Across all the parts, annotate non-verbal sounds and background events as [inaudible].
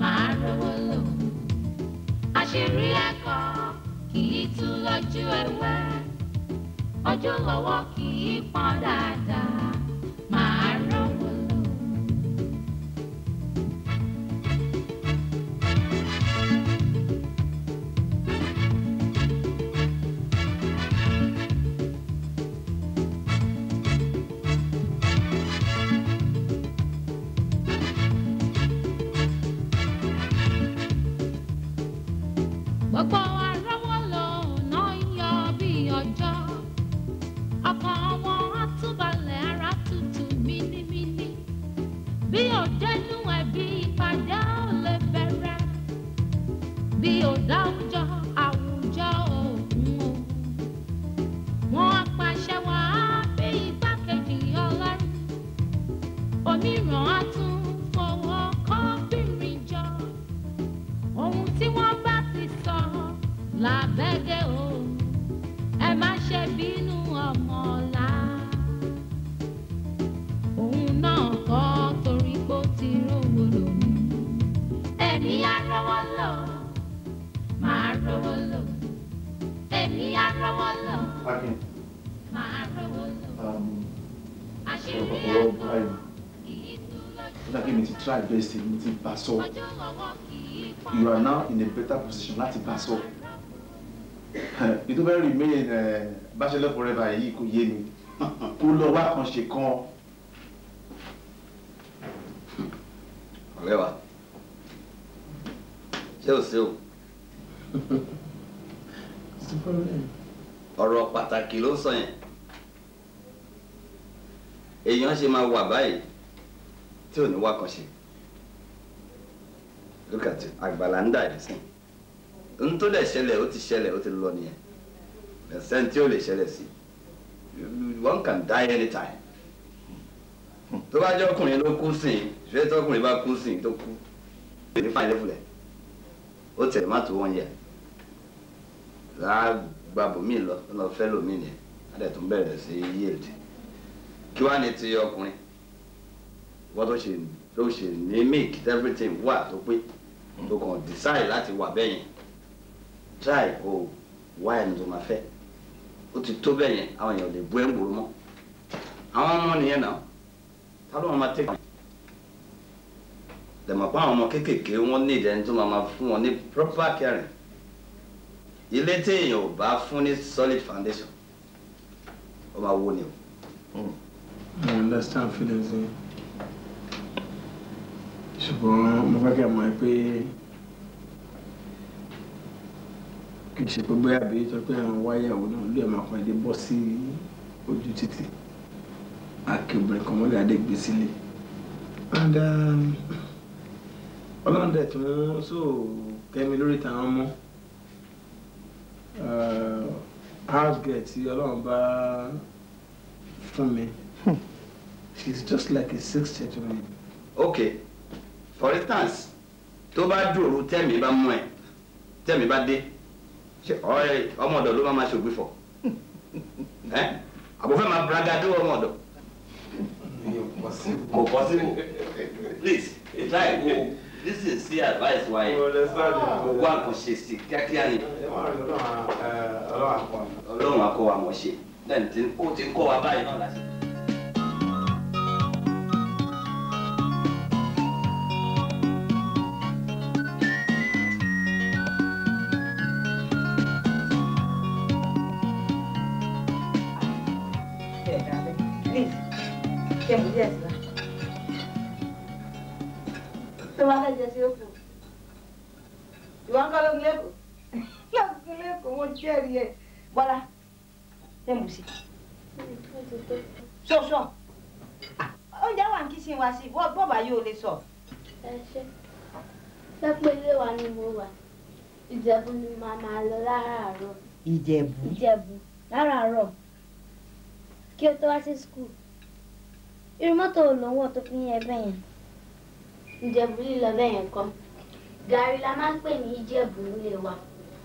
máa rówó lò àṣírí ẹ̀kọ́ kì í tú lójú ewé ojú lọ́wọ́ kì í pọ́n dáadáa. bí ò láwùjọ àwùjọ òkun o wọn apàṣẹ wà á bí igbákejì ọlọ́run òmíràn á tún fọwọ́ kọ́bìnrin jọ ohun tí wọ́n bá ti sọ làbẹ́gẹ́ o ẹ má ṣe bínú. Um, try best in ti bá sọ you are now in a better position láti bá sọ [laughs] you don't remain uh, eh, bachelor forever yìí kò yé mi [laughs] kó lọ wá kan ṣe kan. ọ̀rẹ́ wa ṣé o ṣe o. [laughs] ọ̀rọ̀ pàtàkì ló sọ yẹn èèyàn ṣe máa wà báyìí tí ò ní wá kan ṣe look àgbàlá ń dà yìí sìn n tó dẹ̀ ṣẹlẹ̀ ó ti ṣẹlẹ̀ ó ti lọ nìyẹn ẹ̀sẹ̀n tí ó lè ṣẹlẹ̀ sí one can die anytime tó bá jẹ́ ọkùnrin ló kú sí ìṣẹ́ tọkùnrin bá kú sí tó kú ní fáìlẹ́fùlẹ̀ ó tẹ̀lé má tó wọ́n yẹ á gba bòmíì lọ ó lọ fẹ́ lòmíì nìyẹn á dẹ̀ tún bẹ̀rẹ̀ sí yield kí wàá ní ti ọkùnrin wọ́n tó ṣe tó ṣe ní make everything wà tó pé tó kàn decide láti wà bẹ́yẹn try kó wá ẹni tó máa fẹ́ ó ti tó bẹ́yẹn àwọn èèyàn ò lè bú ẹ̀ ń gbòòrò mọ́ àwọn ọmọ nìyẹn náà ta ló wọn máa tẹ̀kọ̀ dẹ̀mọ̀ pé àwọn ọmọ kéékèèké wọ́n ní ìdẹ́ni tó máa fún wọn ní proper caring ilé téèyàn ò bá fún ní solid foundation ó máa wó ni o. Hmm. I understand feelings ẹ ṣùgbọ́n mo fẹ́ kẹ́ mọ̀ ẹ pé kì í ṣe pé bóyá àbí tó pé àwọn wáyà òun náà lóye máa pàdé bọ́ sí ojú títì àkèbèrè kan mọ́lẹ̀ adégbè sílé and um, ọlọ́run dẹ̀ tún so kẹ́mi lórí tàwọn ọmọ. Uh, housegirl tí ọlọ́run bá fún mi She's hmm. just like a sixth gentleman. Okay. for instance tó bá dúró tẹ́mi bá mú ẹ tẹ́mi bá dé ọmọ ọ̀dọ̀ ló máa ṣògbé fọ [laughs] àbúfẹ́ máa braga tó ọmọ ọ̀dọ̀. kò possible please try go this is sí advice wa yẹn wà kò ṣe sí kíákíá ni. ọlọ́run àkọ́wà mọ̀ ṣe lẹ́yìn tí ó ti ń kọ́ wa báyìí náà láti. múra sí bọ́ọ̀bà yóò lè sọ. ẹ ṣe ṣé pé ilé wa ni mo wà ìjẹ̀bú ni màá máa lọ láràárọ̀. ìjẹ̀bú ìjẹ̀bú láràárọ̀ kí o tó wá sí skul irú mọ́tò ò ló ń wọ̀ tó fi ń yẹ bẹ́ẹ̀ yẹn. ìjẹ̀bú lílọ bẹ́ẹ̀ yẹn kọ́ gàrí la máa ń pè ní ìjẹ̀bú nílé wa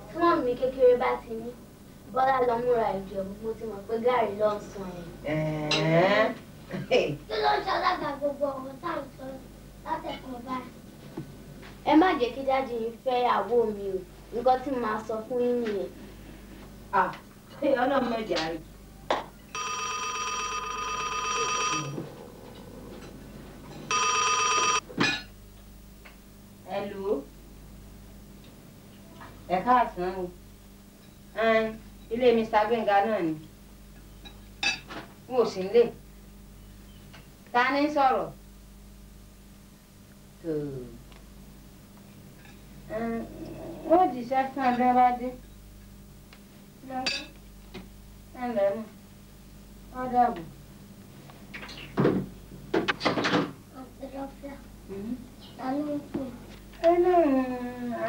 tí wọ́n mi kékeré bá ti ní bọ́lá lọ múra ìjẹ̀bú mo ti mọ̀ pé gàrí lọ́ọ̀ sàn yẹn. kí ló ń ṣọlágbà gbogbo ọ̀rọ̀ tá à ẹ má jẹ́ kí dájú yín fẹ́ ìyàwó mi o nǹkan tí màá sọ fún yín nìyẹn. ọlọ́mọ jàre. Hello. ẹ káàsán o ilé Mr. Gbénga náà ni n ò sí nílé. ta ní sọ̀rọ̀ tó wọ́n jíṣẹ́ fún ẹgbẹ́ bá dé lọ́gbọ́n ẹ̀ lẹ́nu ó dàbọ̀. ẹnu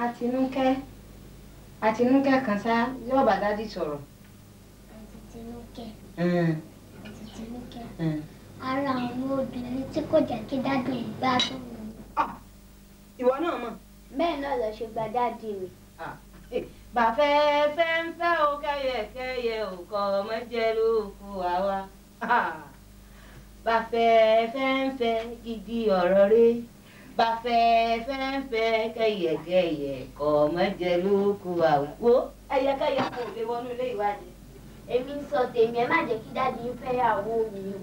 àtinúkẹ́ àtinúkẹ́ kan sá yóò bá dádì sọ̀rọ̀. àtinúkẹ́ àtinúkẹ́ ara àwọn obìnrin tí kò jẹ́ kí dáàdì mi gbádùn mi. Ah, ìwọ náà mọ̀. bẹ́ẹ̀ náà lọ ṣe gba dáàdì mi. Ah, eh, bàfẹ́ fẹ́ ń fẹ́ o kẹ́yẹkẹ́yẹ ò kọ́ ọmọ jẹ́ lóòkù àwa. Ah, bàfẹ́ fẹ́ ń fẹ́ gidi ọ̀rọ̀ rẹ bàfẹ́ fẹ́ ń fẹ́ kẹ́yẹkẹ́yẹ kọ́ ọmọ jẹ́ lóòkù àwa. wo ẹyẹkẹyẹ kò lè wọnú ilé ìwádìí. èmi ń sọ tèmi ẹ má jẹ́ kí dáàdì ń fẹ́ àwọn obìnrin.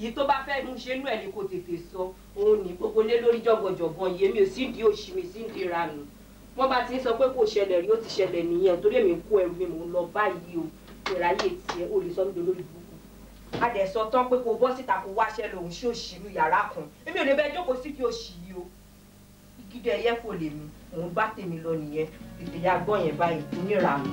yìí tó bá fẹ́ mú ṣe inú ẹ̀ ni kò tètè sọ òun ní gbogbo lé lórí jọ̀gànjọ̀gàn yìí èmi ò sì di òṣì mi sì ń dira nù wọ́n bá ti ń sọ pé kò ṣẹlẹ̀ rí ó ti ṣẹlẹ̀ nìyẹn torí èmi kó ẹrù mi mò ń lọ báyìí o ìráyè tiẹ̀ ò lè sọ mí lórí burúkú. a dẹ̀ sọ tán pé kò bọ́ síta kò wáṣẹ́ lòun ṣé òṣìlú yàrá kan èmi ò lè bẹ jókòó sí ti òṣì yìí o ìgídẹ̀ ẹ̀yẹ́ kò lè mi òun bá tèmi lọ nìyẹn ìtẹ̀yà gbọ́ yẹn báyìí onírànù.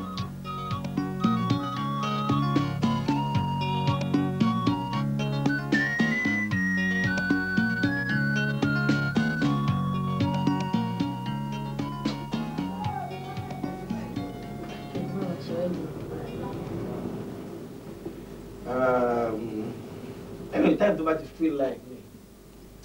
feel like me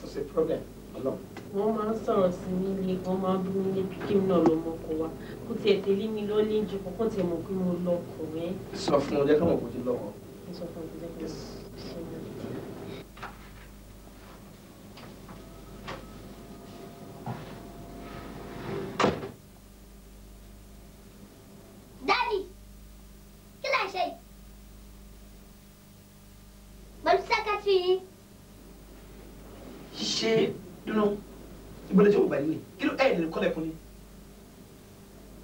kò sí problem ọlọ́run. wọ́n máa ń sọ̀rọ̀ sí mi ní wọ́n máa ń bí mi ní kíkìm náà ló mọ ọkọ wa kó tiẹ̀ tẹ̀lé mi lọ́lé ìjọba kó tiẹ̀ mọ̀ pé mo lọ ọkọ rẹ̀. sọ fún un jẹ́ káwọn kò ti lọ́wọ́. sọ fún un jẹ́ káwọn ìgbọ́dọ̀ tí mo gbà kí ló ẹ̀ lè kọ́lẹ̀ fún ni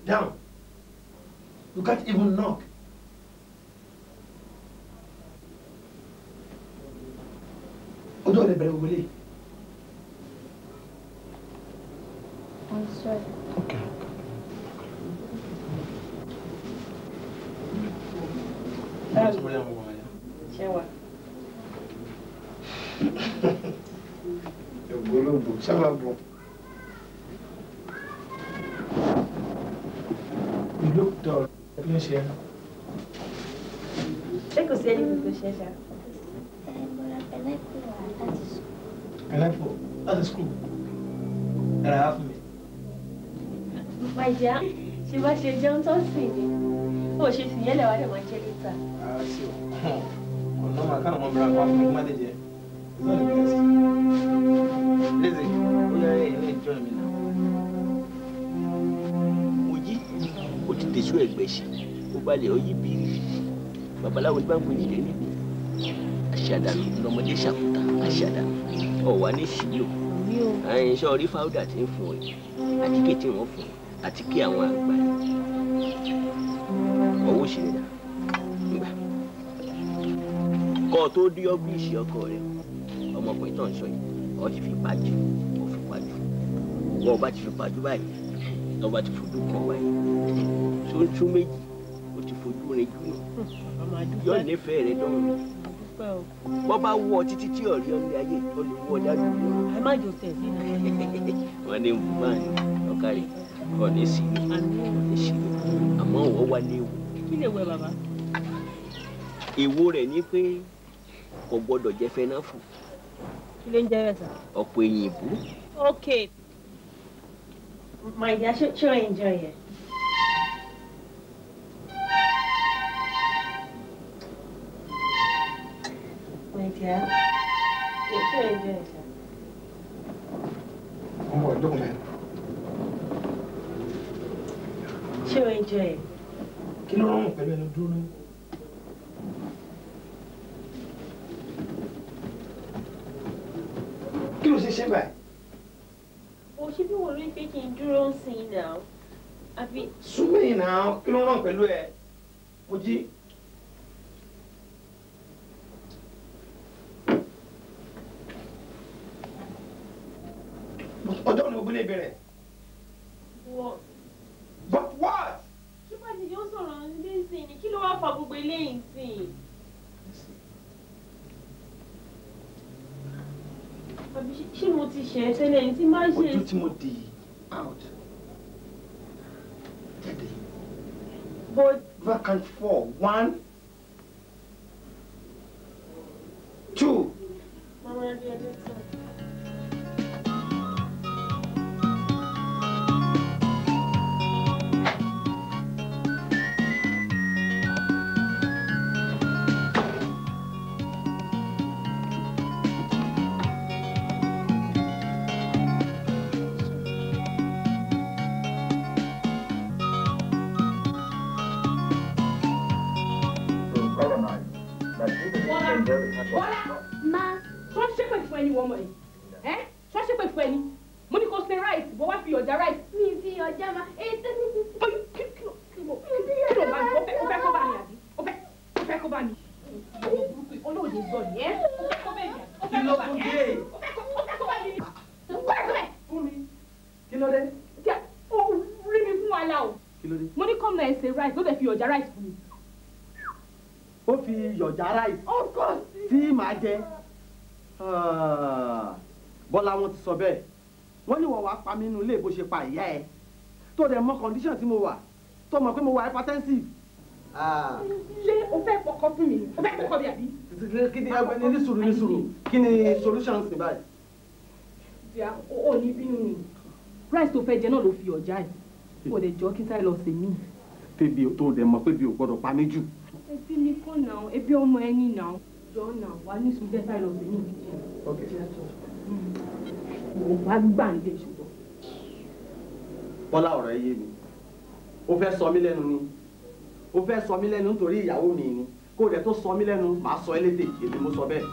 down you can't even knock. ojú ọ̀rẹ́ bẹ̀rẹ̀ wọlé. I'm sorry. Okay. we look down at your share. Ṣé kò sí ẹni kò ṣe ṣá? Ẹlẹ́pọ̀ láti skul. Ẹ̀rọ àá fún mi. Màjá, ṣe bá ṣe jẹun tó sì ni. Ó ṣe sì yẹ́lẹ̀ wá lè máa jẹ́ lítà. o. Ọ̀nà màá káwọn ọmọbìnrin àpá fún mi kí má Lizzie, ó yẹ ẹ̀yẹ́ ìjọ dìde sún ẹgbẹ́ sí ó balẹ̀ ọ yí bíi babaláwo ní bá ń pè ní ìdẹ́ni àṣàdànù lọmọdé ṣàkóta àṣàdànù ọ̀wá ní sílò àyìn sọ rí fáwọ́dà tí ń fún ọ yìí àtíkè tí wọ́n fún àti kí àwọn àgbà ọwọ́ sì nìyà gbà kọ́ ọ tó dí ọ́fíìsì ọkọ rẹ ọmọkùnrin tó ń sọ yìí ọ ti fi pàjù ọ fi pàjù wọ́n ọba ti fi pàjù báyìí lọ́ba ti fojú kan wáyé sóńsó méjì ó ti fojú rìn jùlọ yóò nífẹ̀ẹ́ rẹ dọ́rùn bọ́ bá wọ títí tí ọ̀rí ọ̀lẹ́ ayé tó lè wọ dájú lọ. ẹ má jò tẹ̀ sí i. [laughs] wọ́n ní bùbáà ní ọ̀kàrẹ̀ kọ́ ní sí i ní sí i àmọ́ wọ́n wá léwu. kí lè wẹ bàbá. èwo rẹ̀ ni pé kò gbọ́dọ̀ jẹ́ fẹ́ náà fún. kí ló ń jẹ́ rẹ̀ sà. ọ̀pọ̀ èyìnbó. ok my dear, ṣé ṣé enjoy ẹ̀? my dear, ṣé o enjoy ẹ̀? Ọmọ ẹ̀dọ́kùn mi. Ṣé o enjoy ẹ̀? Kí ló rọrùn pẹ̀lú ẹni dúró náà? Kí ló ṣe o ṣe kí n ń sin pẹ̀lú ẹ mo jí. ọjọ́ ni ogun lè bẹ̀rẹ̀. but what. kí ti yóò sọ̀rọ̀ ní kí ló wá fa gbogbo eléyìí sí i. ṣé mo ojú tí mo di out jáde but back one two. mama tó dẹ̀ mọ condition tí mo wà tó mọ̀ pé mo wà hypertensive. Ah. ṣé o fẹ́ pọkọ fún mi o fẹ́ pọkọ bí àbí. kí ni ẹgbẹ́ ní sùúrù ní sùúrù kí ni solution sí báyìí. ìyá o ní bínú mi rice tó fẹ́ jẹ náà ló fi ọ̀já ẹ̀ kò dẹ̀ jọ kí táyì lọ sí mi. tèbi tó dẹ̀ mọ̀ pé bí o gbọ́dọ̀ pa mí jù. ebi mi kọ́ nà ó ebi ọmọ ẹni nà ó jọ nà wà ní sùúrù jẹ́ táyì lọ sí mi. ok. ìwọ̀n bá gbà ń dé ṣùgbọ́n bọ́lá ọ̀rọ̀ ẹ yé mi o fẹ́ sọ mí lẹ́nu ni o fẹ́ sọ mí lẹ́nu nítorí ìyàwó mi ni kó o dẹ̀ tó sọ mí lẹ́nu màá sọ ẹ́ lédè èmi mo sọ bẹ́ẹ̀.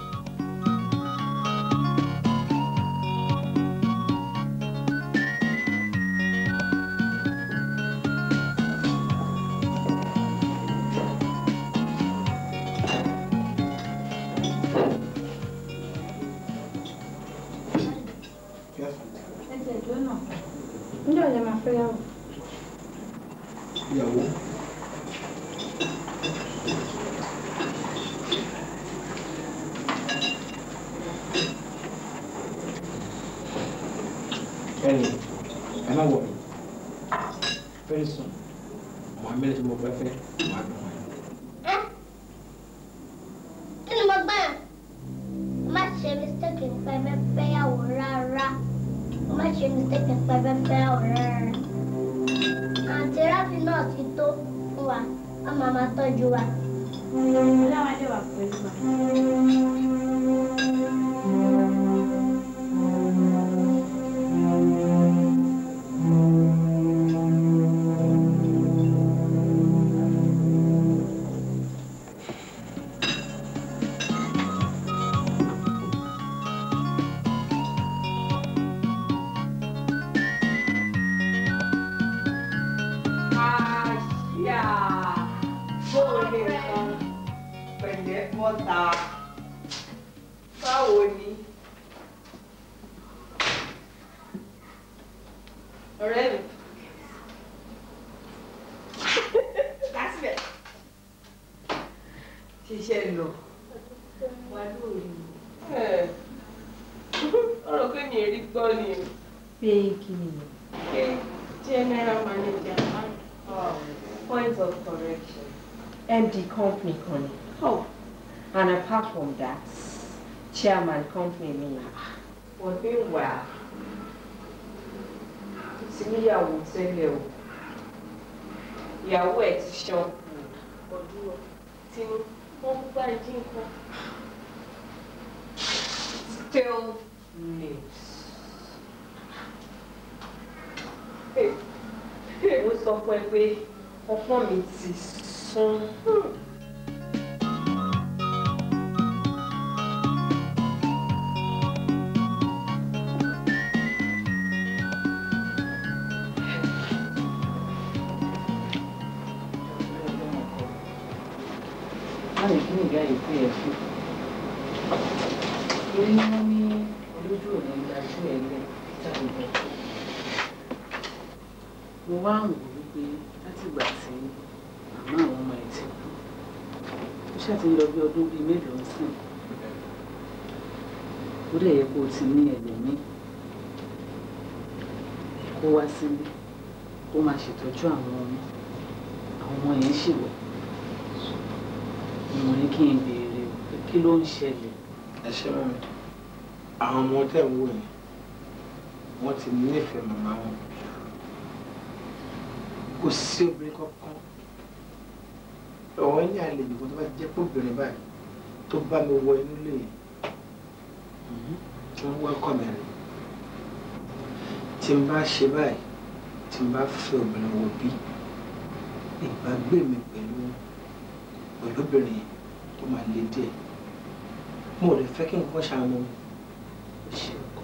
ti ń lọ bí ọdún bíi mélòó sí ó dẹ̀ yẹ kó o ti ní ẹlòmíì kó wá sílé kó máa ṣètọ́jú àwọn ọmọ àwọn ọmọ yẹn ṣì wọ̀ mo ní kí n béèrè kí ló ń ṣẹlẹ̀. ẹ ṣe mọ mi àwọn ọmọ tẹ ń wò yẹn wọ́n ti nífẹ̀ẹ́ màmá wọn kò sí obìnrin kankan ọ̀rọ̀ ilé àlejò kó tó bá jẹ́ pé obìnrin báyìí tó bá mi wọ inú lè tó ń wẹ́kọ̀ mi rè tí n bá ṣe báyìí tí n bá fẹ́ obìnrin wò bí ìbágbé mi pẹ̀lú olóbìnrin tó máa le díẹ̀ mo lè fẹ́ kí n kọ́ ṣàánú ṣe ọkọ.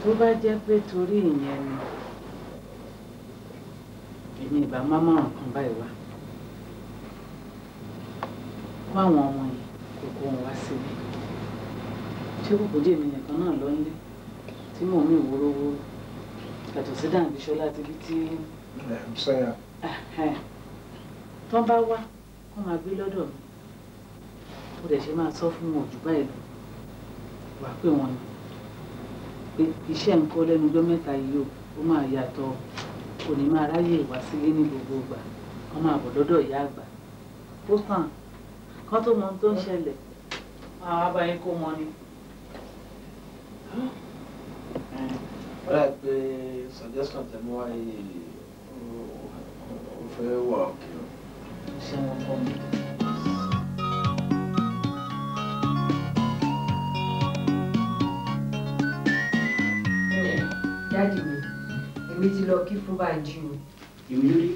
tó bá jẹ́ pé torí ìyẹn ni èmi ìbá má mọ̀ràn kan báyìí wá kó àwọn ọmọ yẹn kò kó wọn wá sílé ṣé kò kó jẹ́ èmi nìkan náà lọ nílé tí mò ń mí wórówó yàtọ̀ sí dàǹdí ṣọlá ti bí tí. tó bá wá kó máa gbé lọ́dọ̀ mi mo dẹ̀ ṣe máa sọ fún wọn òjú báyìí lọ wà pé wọn ni pé iṣẹ́ nǹkan lẹ́nu ọjọ́ mẹ́ta yìí o ó máa yàtọ̀ kò ní máa ráyè wá sílé ní gbogbo ìgbà wọ́n máa bọ̀ lọ́dọ̀ ìyá àgbà kán tó mọ tó ń ṣẹlẹ̀ àwọn abáyé kó mọ ni. ó dà pé suggestion tẹ̀mú wáyé ó fẹ́ wà òkè o. ṣé wọn kọ́ mi. jáde mi èmi ti lọ kí fún Bánjí o. èmi lórí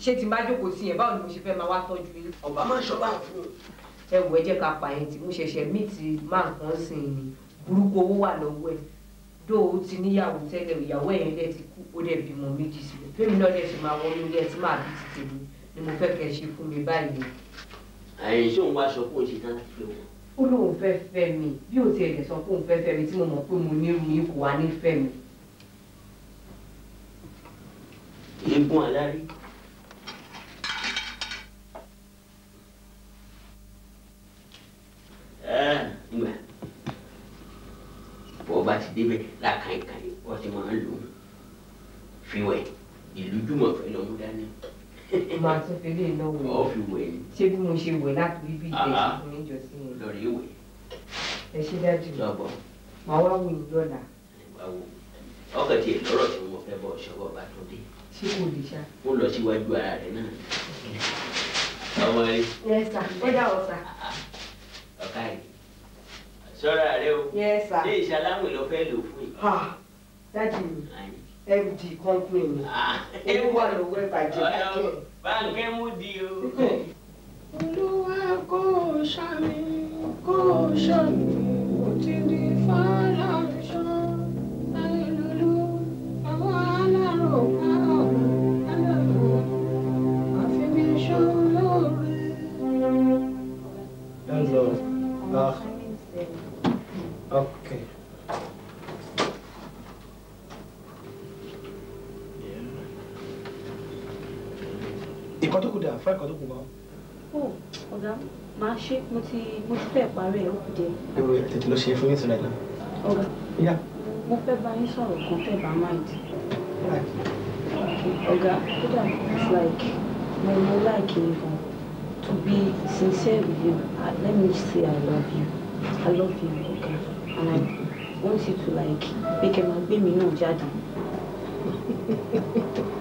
ṣé tí n bá jókòó sí yẹn báwo ni mo ṣe fẹ́ máa wá tọ́jú yín. ọba máa ń ṣọba fún un. ẹ wò ẹ jẹ́ ká pa yẹn tí mo ṣẹ̀ṣẹ̀ mí ti máa kàn sí i ni burúkú owó wà lọ́wọ́ ẹ̀ dó o ti níyàwó tẹ́lẹ̀ ìyàwó ẹ̀yẹn dẹ̀ ti kú ó dẹ̀ bímọ méjì sílẹ̀ fẹ́mi náà dẹ̀ ti máa wọnú ilé ẹ̀ tí màá bí ti tèmi ni mo fẹ́ kẹ́ ṣe fún mi báyìí. àyìn ṣé òun wá aṣọ kó o ṣe tán fẹ́ wọn. ó lóun fẹ́ fẹ́ mi bí o tiẹ̀ lẹ̀ sọ pé òun fẹ́ fẹ́ mi tí mo mọ̀ pé mo ní irun yìí kò wá ní fẹ́ mi. eégún alárí. nígbà bọ́ bá ti débẹ̀ lákàákàá wọ́n ti máa ń lò ó fi wẹ̀ ìlú jùmọ̀ fẹ́ lọ́mú dání. ìmọ̀ àti fẹ́lẹ́ lọ́wọ́ ọ̀ fi wẹ̀ ni. ṣé bí mo ṣe wẹ̀ láti rí bí ìgbésẹ̀ fún mi jọ sí mi. lọ́ọ̀rì wẹ̀. ẹ ṣe dájú. lọ́bọ̀. màá wá wò yín lọ́la. ọkọ̀ tiẹ̀ lọ́rọ̀ tí mo fẹ́ bọ̀ ṣọ́wọ́ bá tó dé. ṣé kò lè ṣá. mo lọ síwájú ara rẹ̀ náà. ọmọ rẹ. ẹ sà ẹ dà ọ sà. [laughs] ọ̀ka yìí sọ́ra rẹ o ní ìṣaláwìn ló fẹ́ lò fún yìí. dájú md company mi ewu ah. wà lówó ìbàjẹ́ báńkì. báńkì mú di o. olúwa kò ṣàmì kò ṣàmì kò ti di fáwọn. ẹ̀kọ́ tó kù gan. ó oh, ọ̀gá màá ṣe mo ti mo ti fẹ́ parí ẹ̀ ó kù díẹ̀. èrò tètè ló ṣe fún mi tìrẹ̀lẹ̀. ọ̀gá mo fẹ́ bá yín sọ̀rọ̀ kan fẹ́ bá máa dì. ọ̀gá kódà it's like mo mo like you gan to be sincere with you uh, let me say i love you i love you ọ̀gá and i want you to like pé kẹ́ máa gbé mi náà jáde. [laughs]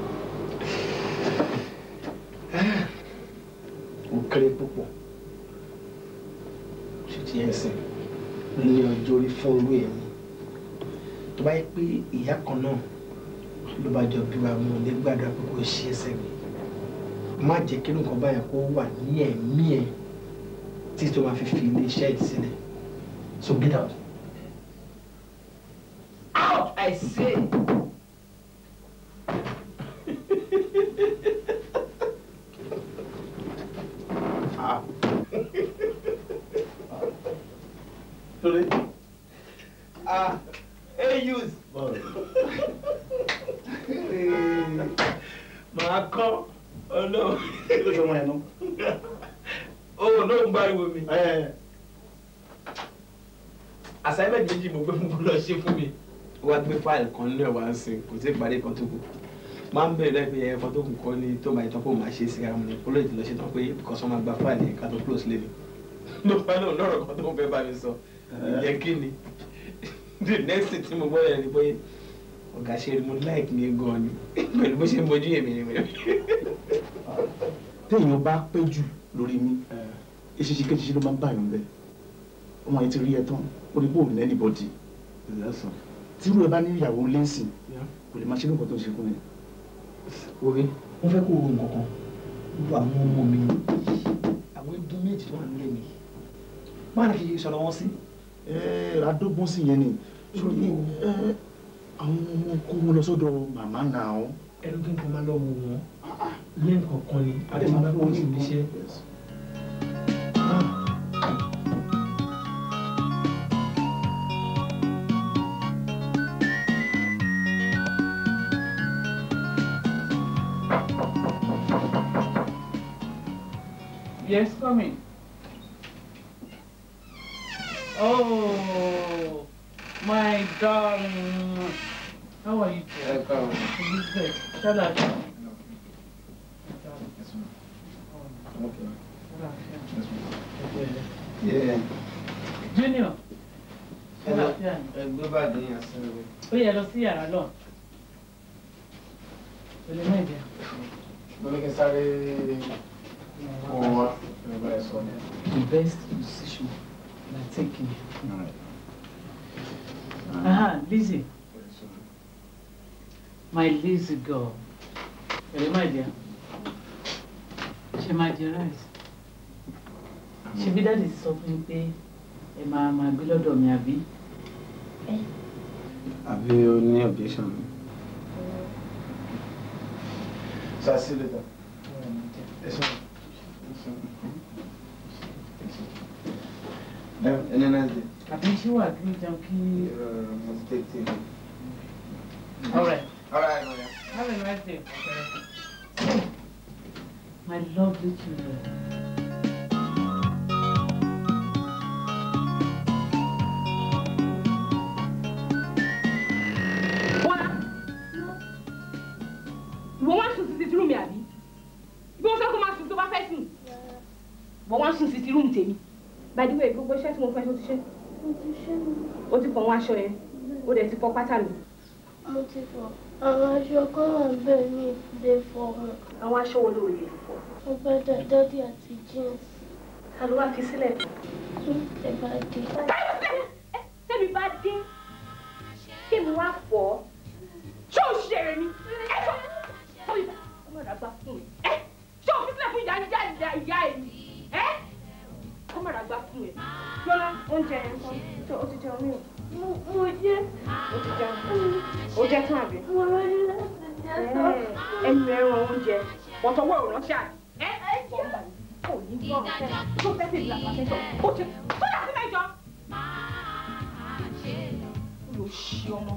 kéré púpọ̀ ṣe ti ẹ̀ sìn ní ọjọ́ orí fún olú èmi tó bá yẹ pé ìyá kan náà ló bá jọ bí wa mú un lé gbàdúrà pé ẹsẹ̀ mi má jẹ́ kí nǹkan báyẹn kó wà ní ẹ̀mí ẹ̀ tí tó máa fi fi ilé iṣẹ́ yìí sílẹ̀ so get out. out I say. fáìlì kan nílẹ̀ wá ń sìn kò tí ì parí kan tó kù máa ń bẹ̀rẹ̀ pé ẹ̀kan tó kù kọ́ ni tó máa ìtàn kó máa ṣe sí ara mi ní kóló ìtìlọ́ ṣe tán pé kọ́sọ́ máa gba fáìlì ẹ̀ka tó close lé mi [laughs] ló bá lóun lọ́rọ̀ kan tó ń fẹ́ bá mi sọ ìyẹn kí ni [laughs] the next thing tí mo gbọ́ yẹn ni pé ọ̀gá ṣe mo like mi gan ni [laughs] pẹ̀lú bó ṣe mojú èmi ni mi. téèyàn bá pé jù lórí mi tírú ẹ bá ní ìyàwó lẹ́sìn kò lè máa ṣe nǹkan tó ń ṣe fún mi. orí wọ́n fẹ́ kó o nǹkan kan gbogbo àwọn ọmọ mi àwọn ẹbí méjì tó wà nílé mi má lè fi sọ̀rọ̀ wọn sí. adógún sí yẹn ni sórí àwọn ọmọ kó wọn lọ sọ́dọ̀ màmá náà. ẹrú kí n kò máa lọ wò wọn lẹ́ǹkọ̀ọ̀kan ni àti màmá kò ní ìbíṣẹ́. Yes, Swami. Oh, my darling. How are you? Today? How are you? Shut up. Okay. Yeah. Junior. Ẹ gbé bàdé yẹn Hello. Ó yẹ lọ sí yàrá lọ. Ó lè má ìdí. Mo ní kí n or the best decision by taking. All right. Aha, Lizzie. My Lizzie girl. Hello, my dear. She might be right. She be that is something pé ẹ máa máa gbé lọ́dọ̀ mi àbí. Àbí o ní objection. Sasile da. Yes, ma'am ẹni náà dé. àbí ṣé wà kí n jẹun kí. mo ti tètè rẹ. Have a nice day. My lovely children. ìwọ wá sùn títí rúmi àbí bí wọn fẹ́ kó máa sùn tó bá fẹ́ sùn wọ́n wá sùn sí ti rúùmù tèmi by the way gbogbo iṣẹ́ tí mo fẹ́ tó ti ṣe. mo ti ṣe mi. o ti fọ àwọn aṣọ yẹn o dẹ̀ ti fọ pátá mi. mo ti fọ àwọn aṣọ kan wà bẹ́ẹ̀ mi lè fọ wọn. àwọn aṣọ wo ló lè fọ. mo fẹ́ dá dádì àti jeans. ta ló wá fi sílẹ̀. tún hmm, tẹ bá dé. tẹ́mi bá dé tẹ́mi wá fọ́ ṣé o ṣe rẹ ni ẹ fọ́ ọ ìgbà ọmọ rà bá fún mi ẹ ṣé o fi sílẹ̀ fún ìyá ìyá ìyá ìyá ẹ̀ ẹ́ kó má ra gbá fún ẹ yọlá oúnjẹ yẹn kan tó o ti jẹun ní o. mo jẹ. o ti jẹun o jẹ tán àbí. mo rọrí láti jẹ tán. ẹnu ẹran oúnjẹ wọ́n tọwọ́ ìránṣẹ́ àná. ẹ ẹ jẹ́ kò ní gbọ́rọ̀ fẹ́ tó fẹ́ sí ìlànà àtẹ́tọ̀ ó ti kódà sí mẹ́jọ. ló ṣe ọmọ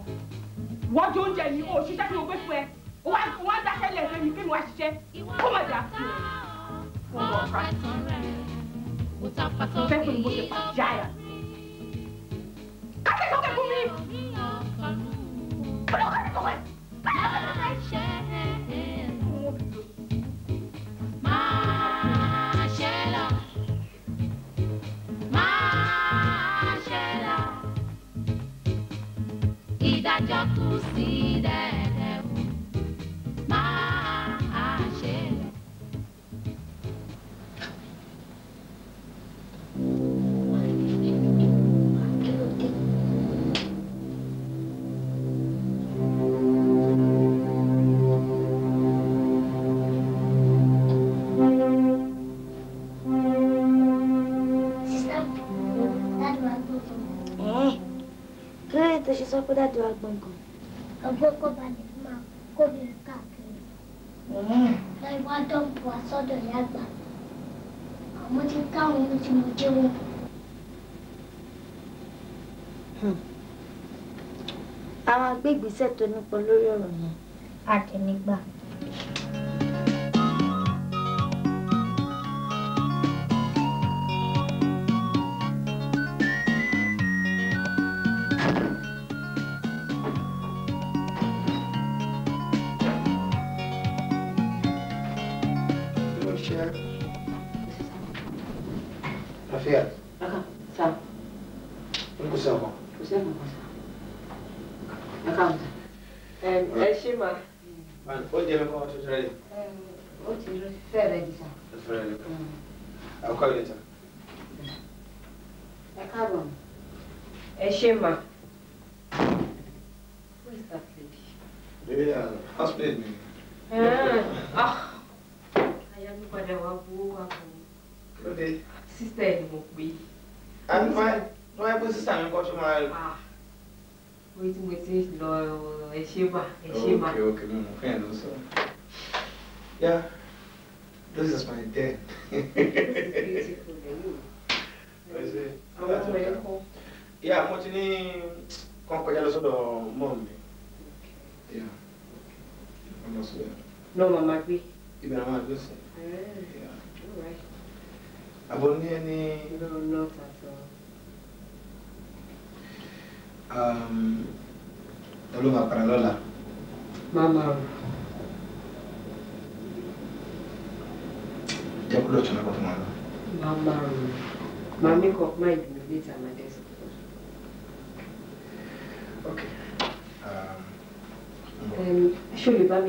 wọ́n jẹ oúnjẹ yìí o ṣiṣẹ́ tí mo gbé fún ẹ wọ́n á dáṣẹ́ lẹ́ẹ̀fẹ́ mi kí ni wọ́n á ṣiṣẹ́ kó má dà sí i. gonna go across the street. Vem comigo, você pajaya! Cadê que comigo? Para o que tu vai? Idade a torcida é dàdí wa gbọ̀ngàn. ọgbọ́n kò bá lè máa kóbìnrin káàkiri. lọ hmm. ìwà dọ́ǹpù wá sọ́dọ̀ ìyá àgbà. àmọ́ ti káwọn ohun tí mo jẹ́ wọn. àwọn hmm. agbègbèsẹ̀ tó nípa lórí ọ̀rọ̀ yẹn. àtẹnigbà.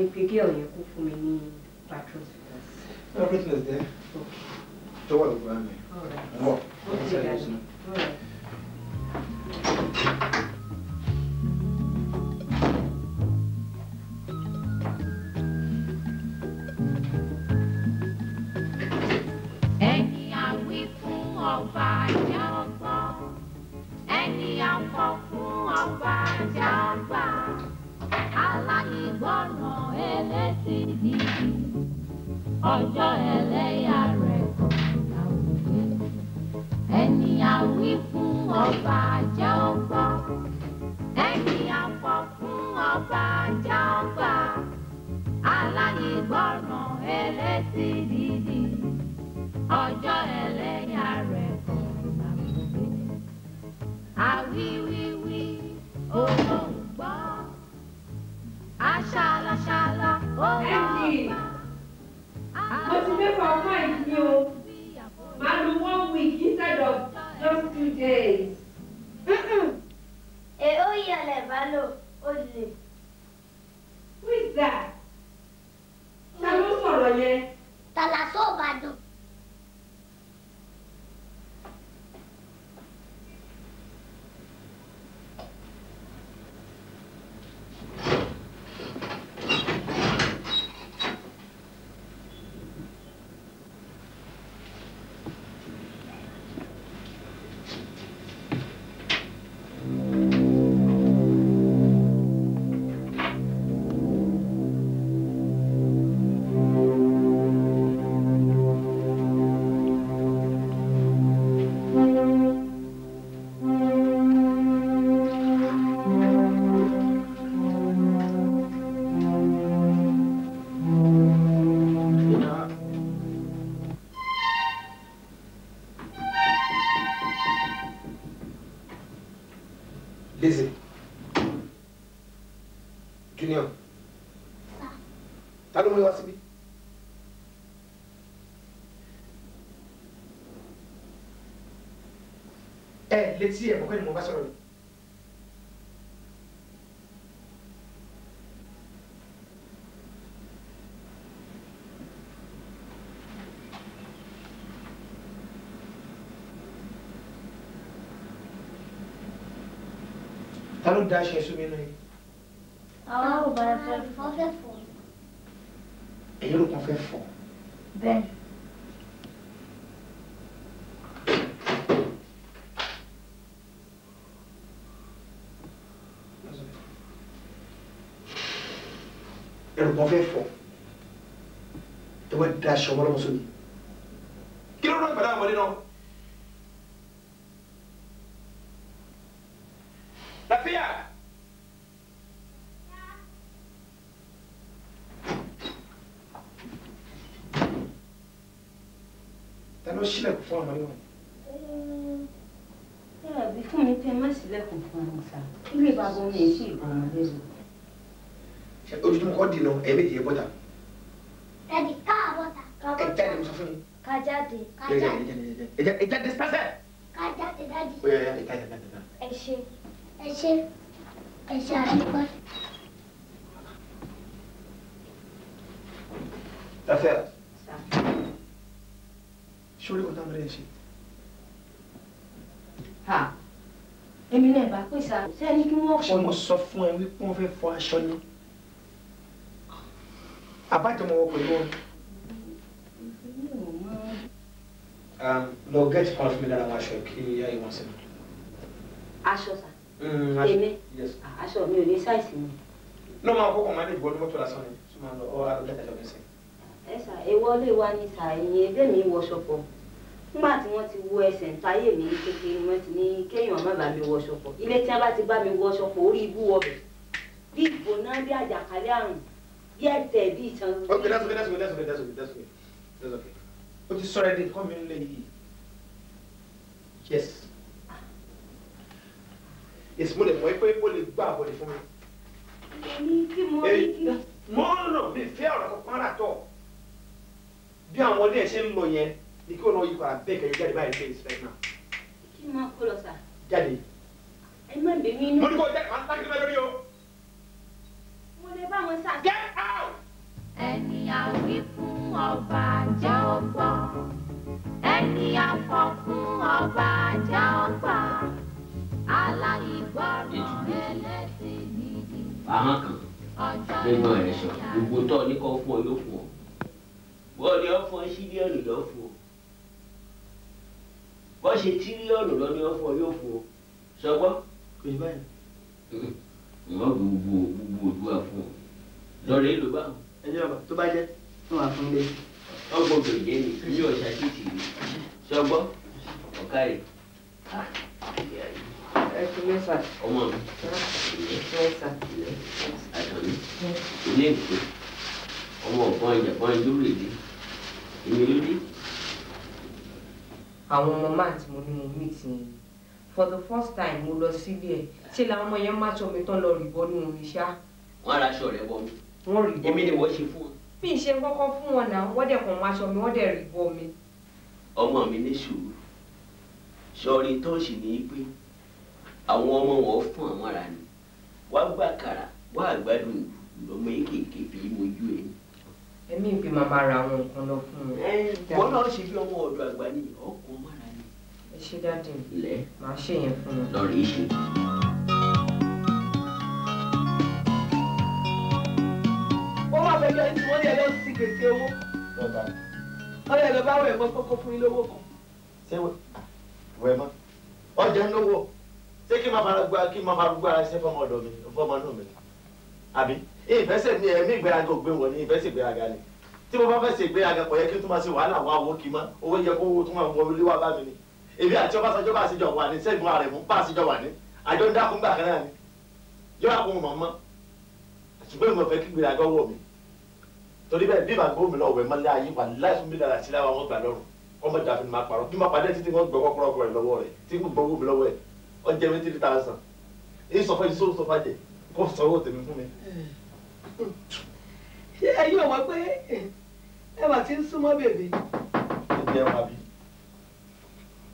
kill you. tíyẹ̀lẹ̀ bá lò ó lè. Who is that? ẹ létí ẹ̀ mọ̀kọ́ ni mo bá sọ̀rọ̀ yìí. ta ló da aṣọ ẹ̀sùn bọ́ fẹ́ fọ́ tó bá da aṣọ ọmọlọ́mọsọ ni kí ló rán ìpàdé àwọn ọmọdé náà. lafiya ta ló ṣílẹ̀kùn fún ọmọdé wọn. ẹ ẹ bí fún mi tẹ má ṣílẹ̀kùn fún ọmọ sáà kí lè bá bọ́ ojoojúmọ́ ọdì náà ẹ méjì ẹ bọta. ẹdì káà bọta. ẹ jáde mo sọ fún yín. ká jáde. ká jáde ẹ jáde ẹ jáde sípẹsẹ. ká jáde dájú. ó yẹ ẹ jáde jáde náà. ẹ ṣe ẹ ṣe ẹ ṣe àdúgbò. Tafer. sórí ọ̀tá mẹ́rẹ̀ ṣe. ha èmi náà bá pèsè àrùn sẹ́ni kí wọ́n pọ̀ ní. mo sọ fún ẹ wípé wọ́n fẹ́ fọ aṣọ ni. fàyè mi kékeré ní kéèyàn má bá mi wọṣọ pọ̀ ilé tí wọn bá ti bá mi wọṣọ pọ̀ orí ibú ọbẹ̀ bí ìgbóná bí àjàkálẹ̀ àrùn bí ẹ̀tẹ̀ bí ìtàn. ok that's okay that's okay that's okay that's okay that's okay that's okay o ti sọ̀rọ̀ ẹni kọ́ mi ń lé yìí yes yes mo lè mọ̀ pé o lè gbà àbọ̀lẹ̀ fún mi. èmi kí mo rí eh, kí. mo ń rò mí fẹ́ ọ̀rọ̀ kankan rà bí àwọn ọdẹ ṣe ń lọ yẹn ní kí wọn náà yí padà bẹ́ẹ̀ kẹ́yìn jáde báyìí face right now. kí n máa kó lọ sà. jáde. ẹ má bẹ̀ mí inú. mo ní kó o jáde get out. ẹni àwí fún ọba jẹ́ ọgbọ́ ẹni àfọ̀ fún ọba jẹ́ ọgbà aláìgbọràn ẹlẹ́sìn nìyí. àwọn kan gbẹ̀gbọ́n gbogbo tó ní kọ́ fún ọ yóò fún ọ bọ́ọ̀lù ọ̀fọ̀ sílíọ̀nù lọ́fọ̀ bọ́ ṣe tírílíọ̀nù lọ ní ọ̀fọ̀ yóò fò sọgbọ́n kò sí báyìí. ìwọ́n gbogbo gbogbo òdúwà fún ọ lọ́rọ̀ èlò báwọn. ẹjọ́ bá tó bá jẹ́ fún àfúnlé. ọgbọ́n bèrè jẹ́ mi ní ọ̀sà títì mi sọgbọ́n ọ̀ká rẹ̀ ẹtù mẹ́fà. ọmọ mi. mẹ́fà. àtọ̀lé. ilé ìpè ọmọ ọ̀kan ìjàpá ìdúró èdè èmi ló dé àwọn ọmọ máa tí mo ní mo meet yẹn for the first time mo lọ sílé ẹ̀ ṣé làwọn ọmọ yẹn má tọ́ mi tán lọ rìbọn ní omi ṣá. wọ́n ara aṣọ rẹ̀ wọ̀ mí. wọ́n rìbọn èmi ni wọ́n ṣe fún wọn. mi ṣe kọ́kọ́ fún wọn náà wọ́n dẹ̀ kàn máa ṣọ mi wọ́n dẹ̀ rìbọn mi. ọmọ mi ní sùúrù sọrí tó sì ní í pé àwọn ọmọ wọn fún àwọn ara ni wá gbàkàrà wá àgbàdo lọmọ èkéèké fi mojú ẹ ẹmí ìpè màmá ra àwọn nǹkan lọ fún un. wọn náà ṣe bí ọmọ ọ̀dọ̀ àgbà ni ọkọ ṣé dáàdì lẹ màá ṣe yẹn fún wọn. lọ rí ṣe. ó máa bẹ̀rẹ̀ ẹni tí wọ́n lè lọ sí gbèsè owó. wọ́n lè lọ bá wẹ̀ gbọ́ kókó fún yín lówó kan. ṣé wẹ̀ mọ́ ọjà ń lówó ṣé kí n máa fara gba kí n máa fara gba ara fọmọ ọ̀dọ̀ mi fọmọ ọ̀dọ̀ mi àbí ìfẹsẹ̀ mi ẹ̀mí ìgbéraga ògbé wọ̀ ní ìfẹsẹ̀ ìgbéraga ni tí mo bá fẹsẹ̀ ìgbéraga kò yẹ kí n tún máa ṣe wàhálà wá owó kì í owó yẹ kó owó tún máa wọlé wá bá mi ni èmi àti Ọbásanjọ́ bá àṣejọ wà ní Ṣẹ́gun Àrẹ̀mú bá àṣejọ wà ní àjọ ń dákun gbà kan náà ni yóò àpò mọ̀ mọ́ ṣùgbọ́n ìmọ̀ fẹ́ kí gbèdàgọ́ wọ̀ mí torí bẹ́ẹ̀ bí màá gbóhùn mi lọ́wọ́ ẹ̀ máa lé ayé wa láìsùn mi dára sí láwa wọn gbà lọ́rùn wọ́n mọ̀ dàbí máa parọ́ bí máa padà títí wọ́n gbọ́ kọ́kọ́rọ́ rẹ̀ lọ́wọ́ rẹ̀ tí kò gbọ́wọ́ mi lọ́wọ́ ẹ̀ ọ jẹ́ mi títí tàà sàn èyí sọ fún ìṣòro sọfà jẹ kó sọ owó tèmi fún mi. ṣé ẹ yóò wá pé ẹwà ti ń súnmọ́ bèbè. ẹ jẹ́ wá bí.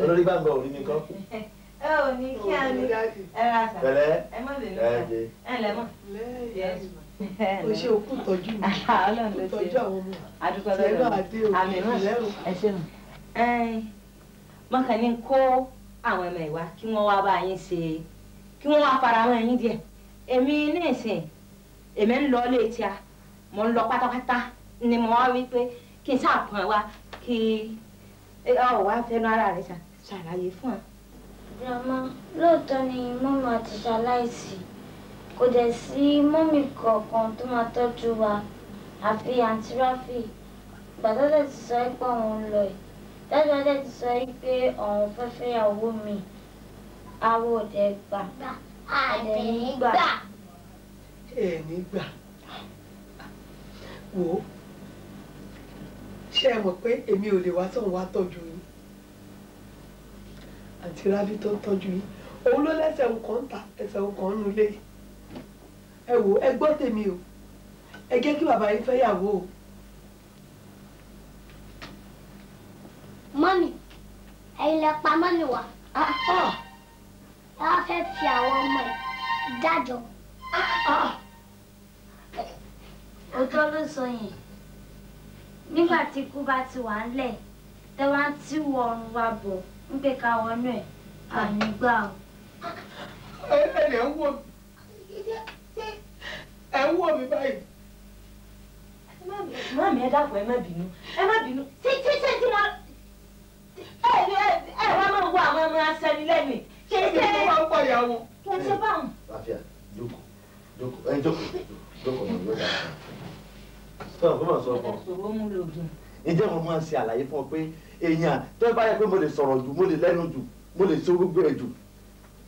olórí gbàgbà òrí mi kọ́. ẹ ò ní kí á ní ẹ ra àṣà ẹ má lè lọ sí ẹ lẹ mọ. o ṣe òkú tọ́jú mi [laughs] ah, òkú tọ́jú àwọn ọmọ àdúgbò lọ́dọ̀ àmì náà ẹ ṣeun. mọ̀kàn ní kó àwọn ọmọ ìwà kí wọ́n wá bá yín ṣe kí wọ́n wá fara wọn yín díẹ̀ èmi ní ìsìn èmi ń lọ ilé tíá mo ń lọ pátápátá ni mo wá wí pé kí n sáà pọn ẹ wá kí ọ eh, oh, wá fẹnu ara rẹ ṣàlàyé fún wa. grandma lóòótọ́ ni mọ́mí àti ṣaláìsí kò dẹ̀ sí mọ́mí kọ̀ọ̀kan tó máa tọ́jú wa àfi àǹtí ráfì gbàdọ́dẹ̀ ti sọ pé òun ń lọ ẹ̀ dájúdájú ti sọ pé òun fẹ́ fẹ́ ìyàwó mi àwọn òde gbà àdẹ̀ nígbà. ẹ nígbà wo ṣé é mọ̀ pé èmi ò lè wá tó ń wá tọ́jú yín àǹtí rábí tó ń tọ́jú yín òun ló lẹ́sẹ̀ nǹkan ń ta ẹsẹ̀ nǹkan ń nulẹ̀ ẹ wò ẹ gbọ́ tèmi o ẹ jẹ́ kí bàbá yín fẹ́yàwó o. mọ́nì ẹ̀yin lẹ pa mọ́nì wá ẹ wá fẹ́ fi àwọn ọmọ ẹ̀ dájọ́. ọjọ́ ló sọ yẹn nígbà tí ikú bá ti wà ńlẹ̀ tẹ tí wọ ọrùn bọ̀ ń pè ká wọnú ẹ̀ àní gbà o. ẹnì ẹ ń wò mí ẹ ń wò mí báyìí. Mami ẹ dákun ẹ má bínú ẹ má bínú tí tí tí tí wọn ẹ wá máa wọ àwọn ọmọ asẹni lẹ́nu kí ẹ ṣe é wọ́n pọ̀ wọn. kí ẹ ṣe báwọn. Láfíà jókòó jókòó ẹ jókòó jókòó ọmọ yóò dáa sọ̀rọ̀ kó mọ̀ sọ fún ọ. ẹ̀sùn ó mú lòdùn. ǹjẹ́ mo máa ń ṣe àlàyé fún ọ pé èèyàn tó bá yẹ pé mo lè sọ̀rọ̀ jù mo lè lẹ́nu jù mo lè so gbogbo ẹ̀ jù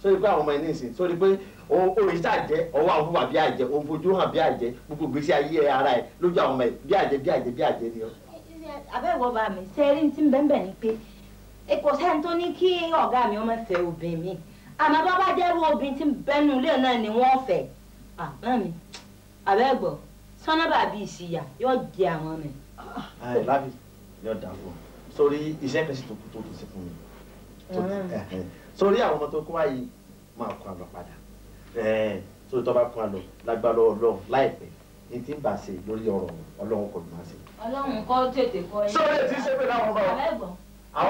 sórí pé àwọn ọmọ ẹni ìsìn sórí pé orin tá àjẹ ọwọ́ àwọn fúnpa bí àjẹ òun fojú hàn bí àjẹ gbogbo gbèsè ayé ara ẹ lójú àwọn ọmọ ẹ bí àjẹ bí àjẹ bí àjẹ ni ọ. abẹ́wọ̀ bá mi sẹ́rí tí ń bẹ́ẹ̀ ni pé kò sẹ́ni tó ní kí ọ̀gá mi ọmọ fẹ́ obìnrin mi àmọ́ bá bá jẹ́rú obìnrin tí ń bẹ́nu ilé náà ni wọ́n fẹ́ àbá mi abẹ́gbọ̀ọ́ sọ́nàbà bíi ìsìyà yóò jẹ àwọn mi. ẹ lábì yóò dà fún un sórí iṣẹ́ kan sì tó kú tó tó sí fún mi mm. eh, eh. sórí àwọn ọmọ tó kó wáyé máa kó àlọ́ padà eh, sórí tó bá kó àlọ́ lágbára ọlọ́run láìpẹ́ ní tí ń bà ṣe lórí ọ̀rọ̀ ọlọ́run kò ní máa ṣe. ọlọ́run kọ́ tètè kọ́ ẹ. sórí ètí ṣépè láwọn ọba àwọn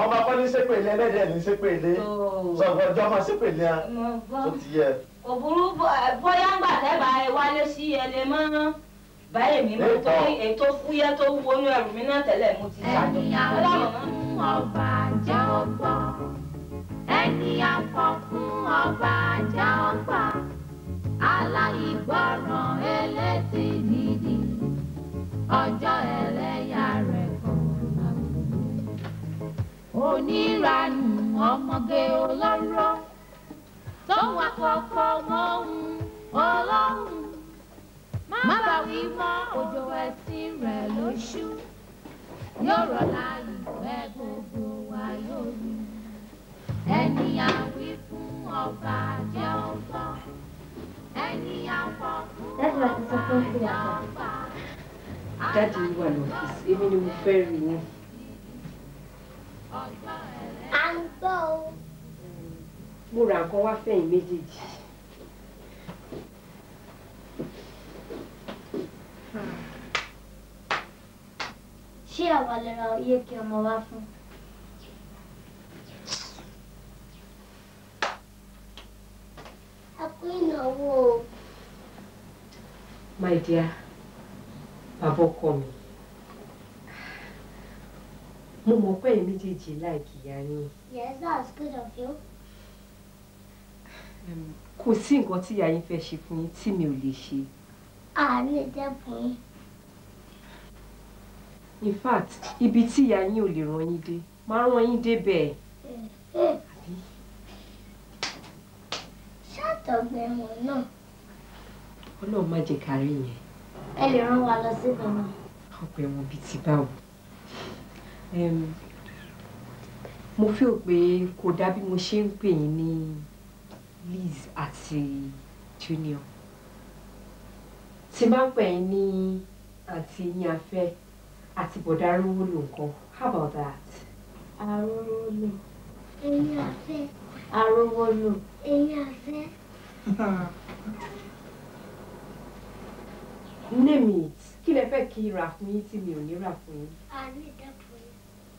ọba kọ́ ní ilé ẹlẹ́dẹ̀ ní ṣépè ilé oh. sọ̀gbọ́n ọjọ́ máa ṣépè ilé tó ti yẹ. òbúrú bóyá ń gbà lẹ́bàá ẹ wálé sí ẹ lè mọ́ báyìí mi mú torí èyí tó fúyẹ́ tó wọnú ẹrù mi náà tẹ́lẹ̀ mo ti ṣàjọ. ènìyàn ló fún ọba jẹ́ ọgbà ènìyàn fọ́ fún ọba jẹ́ ọgbà aláìgbọràn elétí dídì ọjọ́ ẹlẹ́yà rẹ̀ kọ́ oníranù ọmọge olóró tó wà kọ́kọ́ mọ́ ohun olóhùn má bá wí mọ́ òjò ẹ̀sìn rẹ̀ lóṣù yóò rọ̀ láàyè pẹ́ gbogbo wa yóò rí ẹni àwí fún ọba jẹ́ ọgbọ́ ẹni àwọ̀ fún ọba jẹ́ ọgbà. dáàdi wà ní èmi ni mo fẹ́ rí yín. à ń gbọ́ o. mo ra nǹkan wá fẹ̀yìn méjèèjì. ṣé àwa lè ra oyè kí ọmọ wa fún. a o. my dear papo ọkọ mo mo mọ̀ pé ẹ̀yin méjèèjì láìkì ìyá yín. yes that's good of you. kò sí nǹkan tí ìyá yín fẹ́ ṣe fún yín tí mi ò lè ṣe a lè dẹ́kun yín. in fact ibi tí ìyá yín ò lè ràn yín dé máa ràn yín débẹ̀. ṣàtọ̀gbẹ̀ wọn náà. ọlọ́run má jẹ́ ká rí yẹn. ẹ lè rán wa lọ síbẹ̀ náà. ọgbẹ́ wọn bíi ti báwo. mo fi hàn pé kò dá bí mo ṣe ń pè yín ní Liz àti Junior tí bá pẹ̀ ní àti yín afẹ́ àti bọ̀dá arówó lò nǹkan how about that. arówó lò eyín afẹ́. arówó lò eyín afẹ́. name it kí lẹ fẹ́ kí n rà fún yín tí mi ò ní rà fún yín. a ní yín.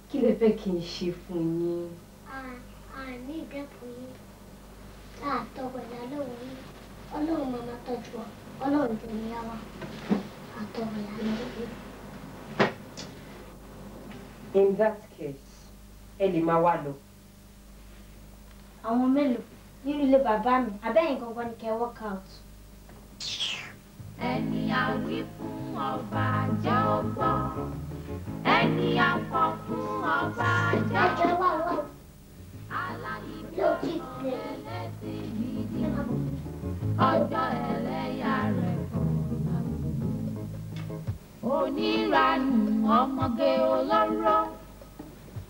kí lẹ fẹ́ kí n ṣe fún yín. a ní yín. a tọkọ̀dá lóhùn ọlọ́run máa tọ́jú ọ in that case Eli Mawalo. máa wá lọ. àwọn mélòó nínú ilé bàbá mi abẹ́yìn ni kẹ́ work out. ẹni a wí fún ọba jẹ́ ọgbọ́ ẹni a fọ fún ọba jẹ́ ọgbọ́ aláìlú ló ti tẹ̀lé ti bí dín ọjọ́ ẹlẹ́yà rẹ̀ kan oníranù ọmọge olóró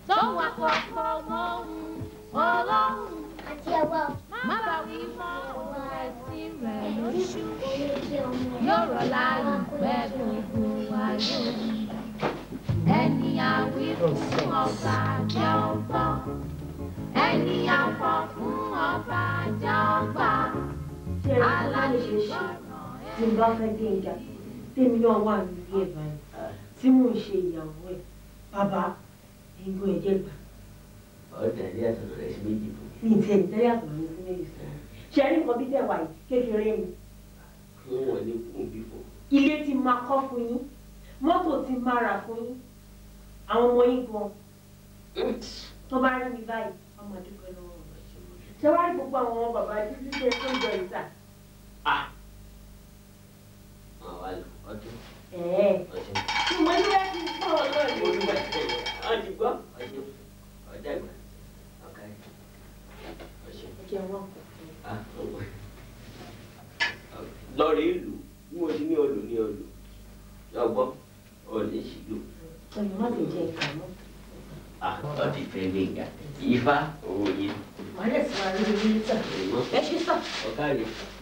tó wà kọ̀ọ̀kan ọmọ ohun ọlọ́run àti ẹ̀wọ̀ má bà wí mọ́ ohun ẹ̀sìn rẹ̀ lóṣù yóò rọ̀ láàyè pẹ́ gbogbo ayé ẹni àwí fún ọba jẹ́ ọgbọ́n ẹni àfọ̀ fún ọba jẹ́ ọgbà tí ẹ fún bá lè ṣe ṣe tí n bá fẹ́ gbẹ̀ngà tèmi náà wà nílé ẹ̀ báyìí tí mò ń ṣe ìyàwó ẹ̀ bàbá ìgò ẹ̀jẹ̀ gbà. ọ̀rẹ́ tẹ̀lé àtọ̀rọ̀ rẹ̀ sí méjì fún mi. mi tẹ̀lé tẹ̀lé àtọ̀rọ̀ rẹ̀ sí méjì fún mi. ṣe é nìkan bí tẹ̀ yìí kékeré ni. fún wọn ní kún bí fún. ilé ti máa kọ́ fún yín mọ́tò ti máa rà fún yín àwọn ọmọ yín gan tó bá rí mi báyìí ọmọ àdúgbò náà ṣe wá ọdún ọdún. mo ní wá sí pọ̀ ọ̀rọ̀ ah, ni mo ní wá sí ọdún gbọ́. ọdún ọjà gbà ọ̀ka yìí ọṣẹ. ọjà wọn kò tó. lọ́ọ̀rì ìlú bí mo ti ní olù ní olù lọ́gbọ́n olè ṣìlò. ọ̀nà má lè jẹ ìkà mọ́. ọtí fẹ́ mi ga ifá òye. wàá lẹ̀ sọ àlejò níta ẹ ṣe sọ. ọ̀ká yìí.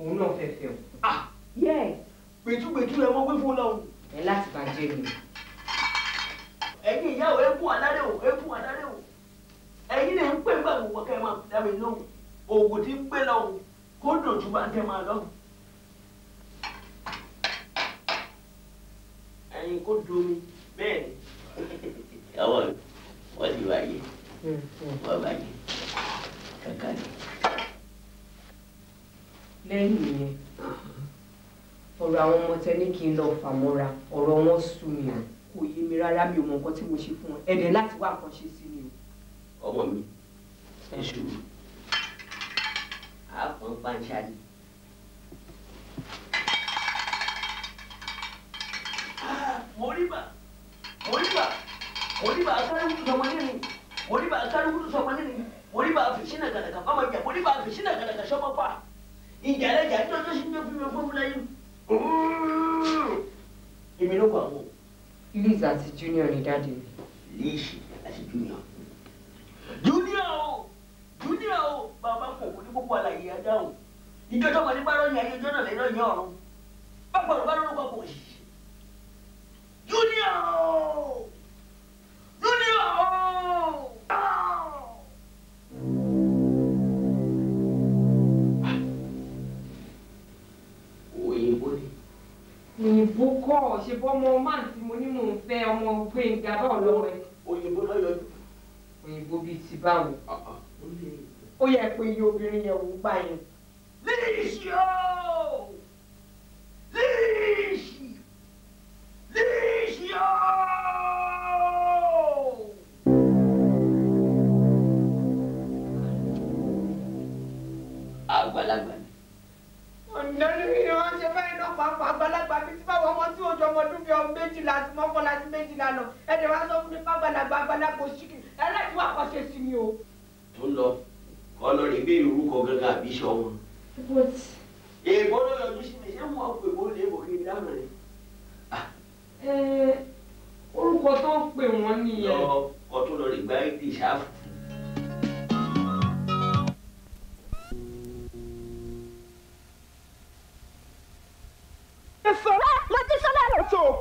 òun náà fẹ́ fẹ́ o. ah yes. pètúpètú ẹ mọ pé fún náà. ẹ láti bàjẹ́ ni. ẹ̀yin ìyáwó ẹ kú àdáré o ẹ kú àdáré o ẹ̀yin lè ń pè gbà gbogbo kẹ́ ẹ máa dá mi lóhùn òògùn tí ń gbé lọ́hùn kó dùn jù bá ń tẹ́ máa lọ́hùn. ẹ̀yin kó dùn mi bẹ́ẹ̀ ni. ọwọ́ wọ́n ti wáyé hmm, hmm. wọ́n wáyé kankan ni lẹ́yìn yẹn ọ̀rọ̀ àwọn ọmọ tẹ ní kí n lọ fà mọ́ra ọ̀rọ̀ wọn sú mi o kò yé mi rárá mi ò mọ nǹkan tí mo ṣe fún ọ ẹ̀dẹ̀ láti wá nǹkan ṣe sí mi o. ọmọ mi ẹ ṣòro àpọn panṣálí. Ah, mo rí bà mo rí bà sọmọ nínú mo rí sọmọ nínú mo àfìsínà gàdàgà fáwọn ìjà mo àfìsínà gàdàgà sọmọ fà ìjà ẹlẹ́jà ní ọjọ́ sí fún mi fún èmi ló kọ Liz àti Junior ni dáàdi mi. Liz àti Junior. Junior o Junior o bàbá kò kú ní gbogbo àlàyé ajá o ìjọ tó wọlé bá rọyìn ayé ọjọ́ náà lẹ́yìn ọ̀yìn ọ̀run bá gbọ́dọ̀ bá lórúkọ kò sí. Junior o Junior o. Oh! òyìnbó kọ́ ṣèbọ́ ọmọ máà tí mo ní mò ń fẹ́ ọmọ gbẹ̀ngà báwo lọ́wọ́ ẹ. òyìnbó ló yọjú. òyìnbó bíi ti báwo. Ah, ah, ó yẹ pé iye obìnrin yẹn wò ó bá yẹn. líṣì o líṣì líṣì o. àgbàlagbà. ọ̀nà ni wọ́n ti àfààfà àgbàlagbà bíi ti fáwọn ọmọ tí ojú ọmọ ọdún bíi ọmọ méjìlá àti mọ́kànlá àti méjìlá lọ ẹ̀dẹ̀ wá sọ fún mi fàgbàlagbà àgbàlagbà òṣìkì ẹlẹ́dìí wà kọ́ṣe sí mi o. tó ń lọ kọ́ lọ rè bẹ́ẹ̀ orúkọ gángan àbí iṣọ́ wọn. èèbó ló yọjú sí mi ṣé mo wá pè wọ́n lé èèbó kiri dáhùn rẹ̀. orúkọ tó ń pè wọ́n nìyẹn. lọ kọ́ tó lọ rè gbá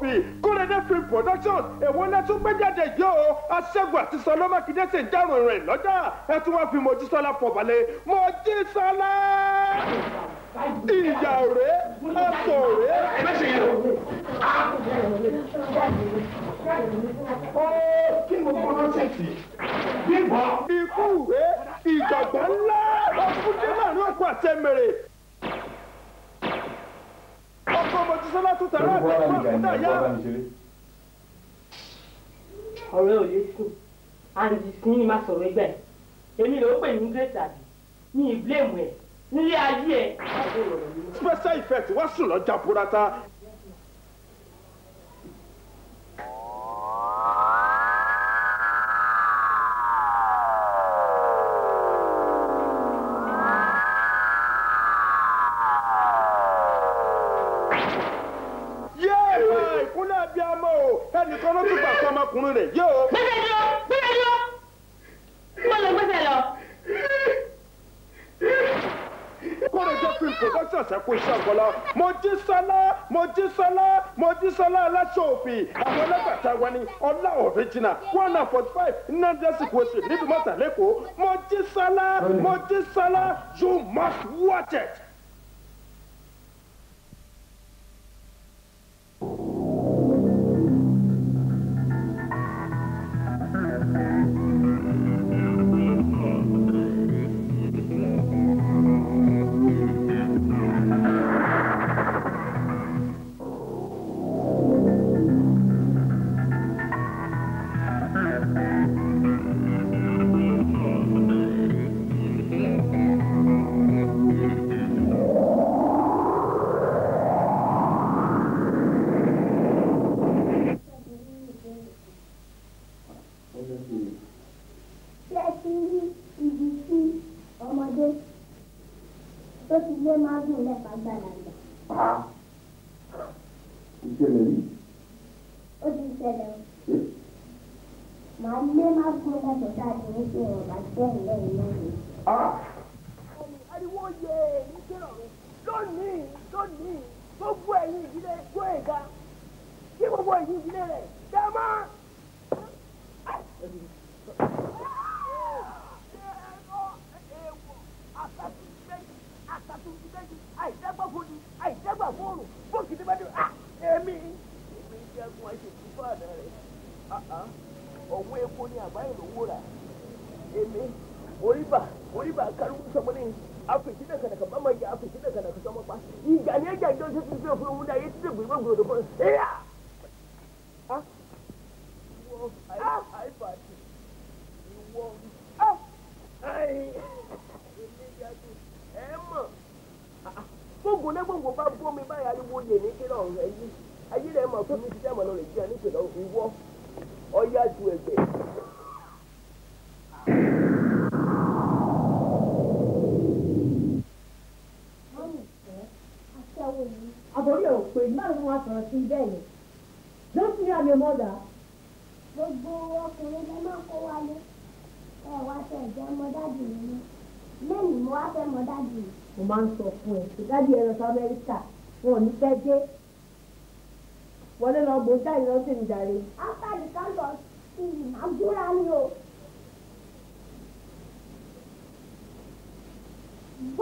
òfin Kóredé film production èwo lẹ tún gbé jáde yìí o aṣẹ́gun àti sọlá mákindé sì ń dárò ìrìn lọ́jà ẹ tún wá fi Mojísọ́lá fọbalẹ̀ Mojísọ́lá ìyá rẹ̀ ọ̀tọ̀ rẹ̀. ẹ bẹ ṣe yẹn o. kí ni mo kọ́ lọ́sẹ̀ ikú rẹ̀ ìjàgbọ́n ńlá ọkùnrin márùn-ún ọkọ̀ àtẹ̀mẹ̀rẹ̀ mojísọ́lá tún tàrà àgbà fún àkúdà yá. ọ̀rẹ́ ò yé sùn àǹdí sí ni máa sọ̀rọ̀ ẹgbẹ́ èmi ló pè ní great àbí mi ì blame ẹ̀ nílé ayé ẹ̀. special effect wá sùn lọ́jà burata fi àwọn alágbàtà wa ni ọlá ọ̀ríjìnà one hundred forty five nandesi kòsì níbi mọ́tàlẹ́kọ̀ọ́ mọ́jísálá mọ́jísálá you must watch it. ìṣẹ̀lẹ̀ yìí. ó ti ṣẹlẹ̀ o. màá lé má gún ẹ̀sọ̀ sáàdì ní kí wọ́n bá gbẹ̀yìn lẹ́yìn náà. ariwo yẹ èyí kérò mi lónìí lónìí gbogbo ẹ̀yin ìdílé gbọ́ ẹ̀ga kí gbogbo ẹ̀yin ìdílé rẹ̀ dá máa. bá fóònù fóònù tí bá dé ah èmi èmi jagun àṣetì fáànà rẹ ọwọ́ epo ni àbáyé lówó rà èmi oríbà oríbà kárùkù sọmọlẹ afèsì náà kànàkà bàmà yà afèsì náà kànàkà sọmọ pa ìjà ni ẹjà ìjọ tuntun tó fún un láyé títí gbèrú gbèrú tó fún un ẹyà. ìwọ àìbàtì ìwọ. gbogbo onégbòǹgbò bá bómi báyà ariwo yè ní kí lọ́rùn rẹ̀ yí ayé rẹ̀ mọ̀ fún mi ti dẹ́mọ̀ lọ rẹ̀ jí àníkè lọ ìwọ ọyá ju ẹgbẹ́. àbórí ò pé náà ni wọn sọ̀rọ̀ sí bẹ́ẹ̀ yẹn don't you have your mother. gbogbo ọkùnrin lè máa kó wálé ẹ wá fẹ́ jẹ́ mọ́dájú mi lẹ́yìn mo wá fẹ́ mọ́dájú mi mo máa ń sọ fún ẹ pé dádì ẹran sí amẹ́ríkà wọn ò ní fẹ́ dé wọlé lọ gbó jáde lọ sí ìdarí. after the countdown ti àgúrà ni o.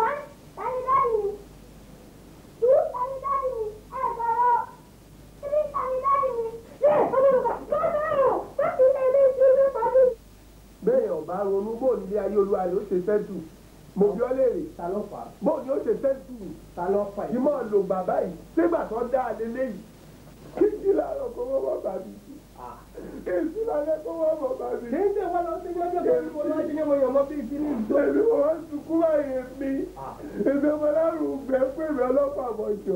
one tanidani two tanidani ẹgbẹ̀rún three tanidani. ṣé olùkọ́ gbọ́dọ̀ ẹ̀rọ láti ilé ilé ìṣúná pàdé. bẹ́ẹ̀ ọ̀bá ronú bóun ilé ayé olúwa rẹ̀ ó ṣe fẹ́ dùn mo fi ọ́ léèrè bó ni ó ṣe tẹ́tù yìí mọ̀ lò bàbá yìí sígbà tó dá a lélẹ́ yìí kí n jí láàárọ̀ kó wọ́n wọ́n bá mi sí kí n jí láàárọ̀ kó wọ́n wọ́n bá mi sí. kí n tẹ̀ wọ́n lọ sí gbọ́dọ̀ kí n wọ́n lọ sí gbọ́dọ̀ mọ́ bí ìdí ní ìjọ. èmi mo wá sunkún báyìí mi èmi mo lárùn gbẹ pé mi ọlọ́pàá mọ̀ jọ.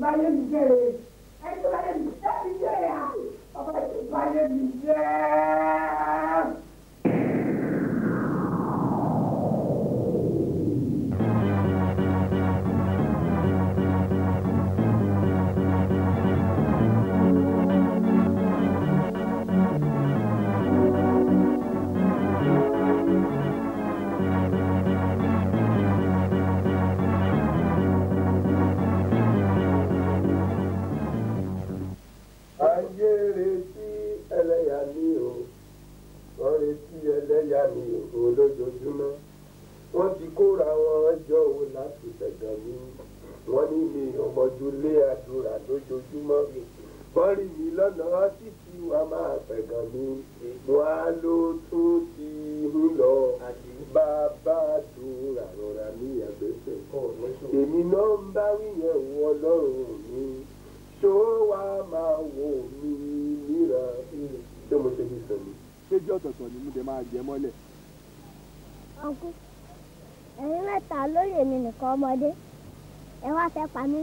báyé mi jẹ́ rẹ̀ ẹni tó báyé mi jẹ́ mi jẹ́ rẹ̀ mi jẹ́ rẹ̀.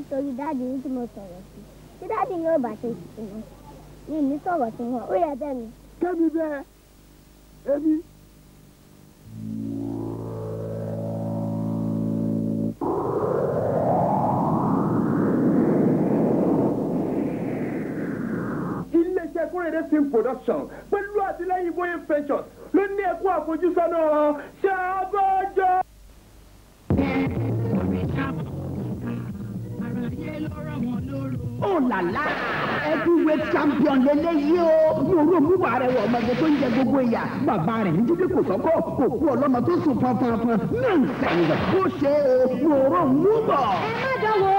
nítorí dáàdì yìí tí mo sọ̀rọ̀ sí tí dáàdì yóò bá ṣe ìṣẹ̀lẹ̀ mi ní sọ̀rọ̀ sí wọn ó yẹ bẹ́ẹ̀ ni. kẹ́mi bẹ́ẹ̀. ògo ìyà bàbá rẹ̀ ń jíde kò sọ́kọ́ kò kú ọlọ́mọ tó sùn pọnpọnpọn náà ń sẹ̀yìn ó ṣe o wòró mú ẹ má dánwò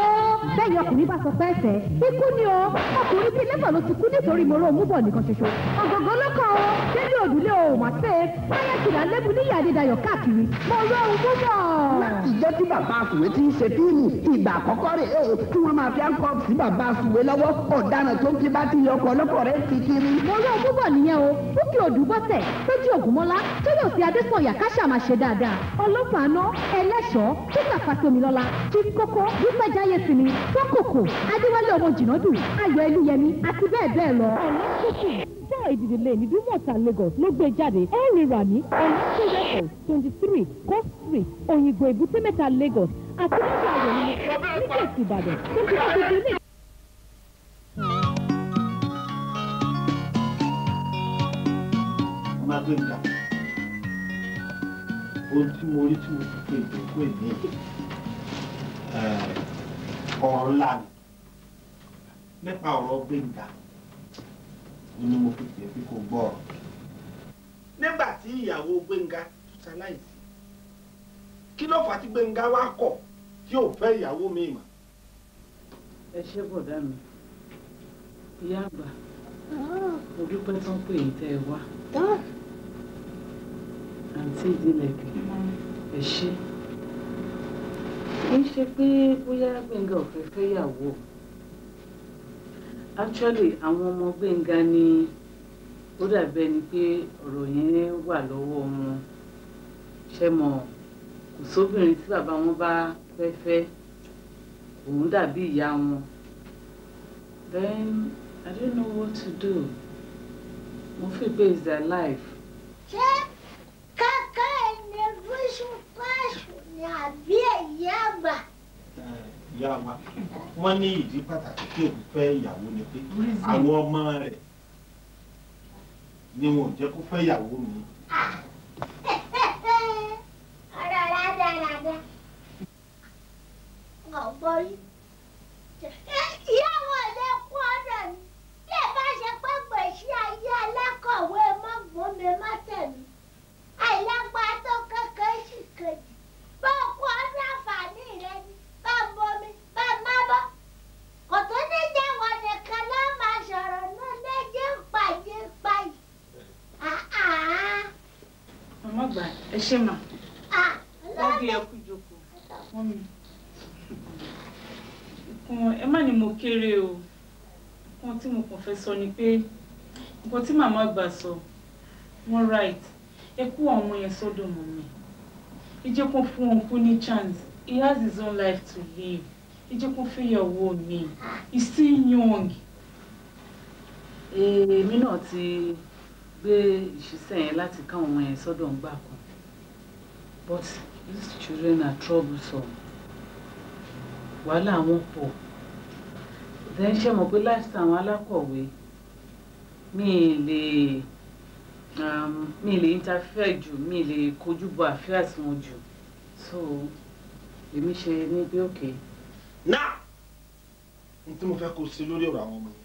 bẹ́ẹ̀ ni ọkùnrin bá sọ pẹ́ẹ́sẹ̀ ikú ni o ọkùnrin bíi lẹ́fà ló ti kú nítorí mòró mú nìkan ṣoṣo ògógó lọ́kàn wọn débi òdùlé ohun àtẹ báyà kìlà lẹ́bù níyà Adédayọ̀ káàkiri mo rọ ohun púpọ̀. láti jẹ́ tí bàbá àsùwé ti ń ṣe fíìmù ìgbà àkọ́kọ́ rẹ̀ ẹ̀ tí wọ́n máa fi áńkọ́ sí bàbá àsùwé lọ́wọ́ ọ̀daràn tó ń fi bá ti yọ ọkọ̀ ọlọ́kọ̀ rẹ̀ ti kiri. mo rọ ohun púpọ̀ nìyẹn o búkì òdùbọ̀tẹ̀ péjú ògùnmọ́lá tó yóò sí adésànyà káṣà máa ṣe dáadáa ọlọ́pàá ná ẹlẹ́ṣọ́ títà fatomilola chief koko dúpẹ́ jáyé sinmi fọ́kòkò Ọjọ́ Ìdìdì Lane Ìdúmọ̀tà Lagos ló gbé jáde ẹ̀rì rami ọ̀nàṣẹ́ twenty three Court Street Òyìnbó Èbúté Mẹ́ta Lagos àti lọ́gbà àyẹ̀wò nígbèsì Ìbàdàn tó fi àgbègbè ilé. Màmá Gbẹ̀ngà, ohun tí mo rí tí mo fi pé ìdókòwò eh, ọ̀rọ̀ ńlá nípa ọ̀rọ̀ Gbẹ̀ngà inú mo fi pè é pé kò gbọ́ ọ. nígbà tí ìyàwó gbẹ̀ngà tó ṣaláìsí kí ló fà á tí gbẹ̀ngà wá kọ̀ tí ò fẹ́ ìyàwó mi mọ́. ẹ ṣe bọ̀dá mi ìyá àgbà mo dúpẹ́ tán pé èyí tẹ́ ẹ wá àǹtí ìdílẹ̀kẹ̀ ẹ ṣe kì í ṣe pé bóyá gbẹ̀ngà ò fẹ́ fẹ́ yàwó actually àwọn ọmọ Gbẹ́ngà ni ó dàbí ẹni pé ọ̀rọ̀ yẹn wà lọ́wọ́ wọn ṣe mọ̀ kò sóbìnrin tí bàbá wọn bá fẹ́ fẹ́ òun dàbí ìyá wọn then I don't know what to do mo fi pé is their life. ṣé kàkà ẹni bíṣu pàṣù ni àbí ẹ̀yà àgbà ìyá wa wọ́n ní ìdí pàtàkì tí òun fẹ́ ìyàwó ni pé àwọn ọmọ rẹ̀ ni wọn ò jẹ́ kó fẹ́ ìyàwó mi. [laughs] ọ̀rọ̀ ládàá ládàá ọ̀gbọ́n yìí. má gbà ẹ ṣe mà dájú ẹ kú jókòó wọ́n mi nǹkan ẹ má ní mo kéré o nǹkan tí mo kàn fẹ́ sọ ni pé nǹkan tí màmá àgbà sọ wọ́n right ẹ ọmọ yẹn sọ́dọ̀ mọ́ mi ẹ fún òun kú ní chance he has his own life to live ẹ jẹ́ kó fẹ́yàwó mi he still young. èmi náà ti gbé ìṣiṣẹ́ yẹn láti ká ọmọ yẹn sọ́dọ̀ ń gbà kan but these children are troublesome wàhálà wọn pọ̀ then ṣe mọ̀ pé láìsí àwọn alákọ̀wé mi lè um, mi lè interfere jù mi lè kojú bọ àfíà sí wọn jù so èmi ṣe ní bí òkè. náà n tí mo fẹ́ kó o ṣe lórí ọ̀rọ̀ àwọn ọmọ yẹn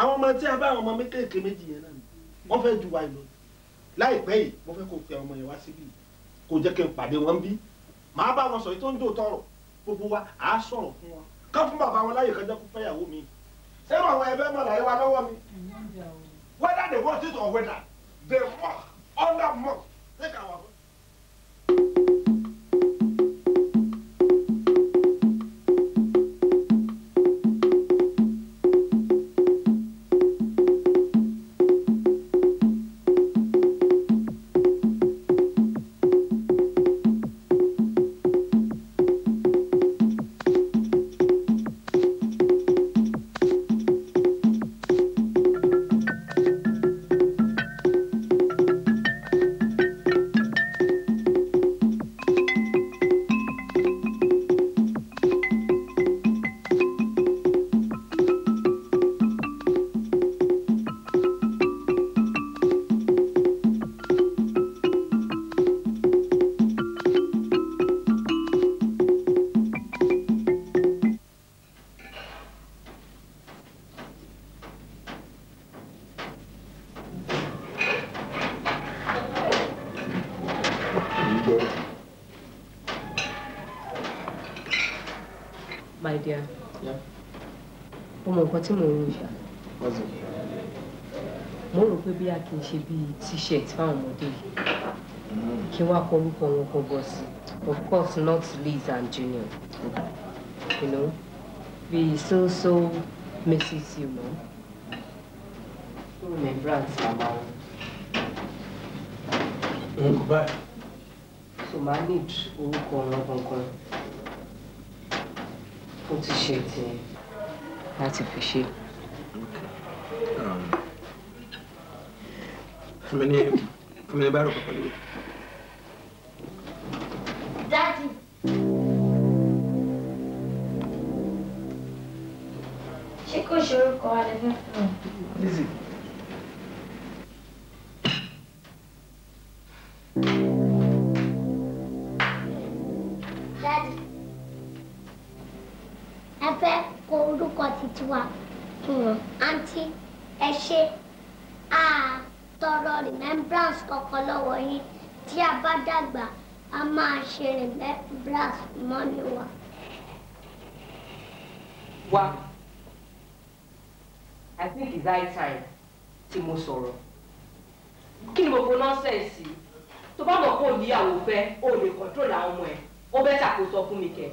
àwọn ọmọ tí a bá àwọn ọmọ mi méjì yẹn náà wọ́n fẹ́ ju wa ìlú láìpẹ́ yìí mo fẹ́ kó pe ọmọ yẹn wá síbí kó jẹ́ kí n pàdé wọn bí màá bá wọn sọ̀rọ̀ tó ń dò tọrọ gbogbo wa à á sọ̀rọ̀ fún wọn ká fún bàbá wọn láyè kan jẹ́ kó fẹ́yàwó mi ṣé àwọn ẹgbẹ́ mọ̀ láyé wa lọ́wọ́ mi whether they want it or whether they work under mock take our. jẹ. my dear yeah. mọ nǹkan tí mò ń rò ṣá mo rò pé bí a kì í ṣe t-shirt fáwọn ọmọdé yìí mm. kí wàá kọ orúkọ wọn gbọgbọ sí of course not Liz and Junior okay. you know bíi so so misses you know remembrance about. Mm, bye. Fumanit orúkọ wọn gangan ó ti ṣe tiẹ̀ láti fi ṣe. fún mi ní fún mi ní báyìí pẹ̀lú. dájú. ṣé kò ṣe sọ̀rọ̀ kí ni gbogbo nọ́sẹ̀nsì tó bá mọ̀ kó níyàwó fẹ́ o lè kọ́ńtrol àwọn ọmọ ẹ̀ ó bẹ́ ṣàkóso fún mi kẹ́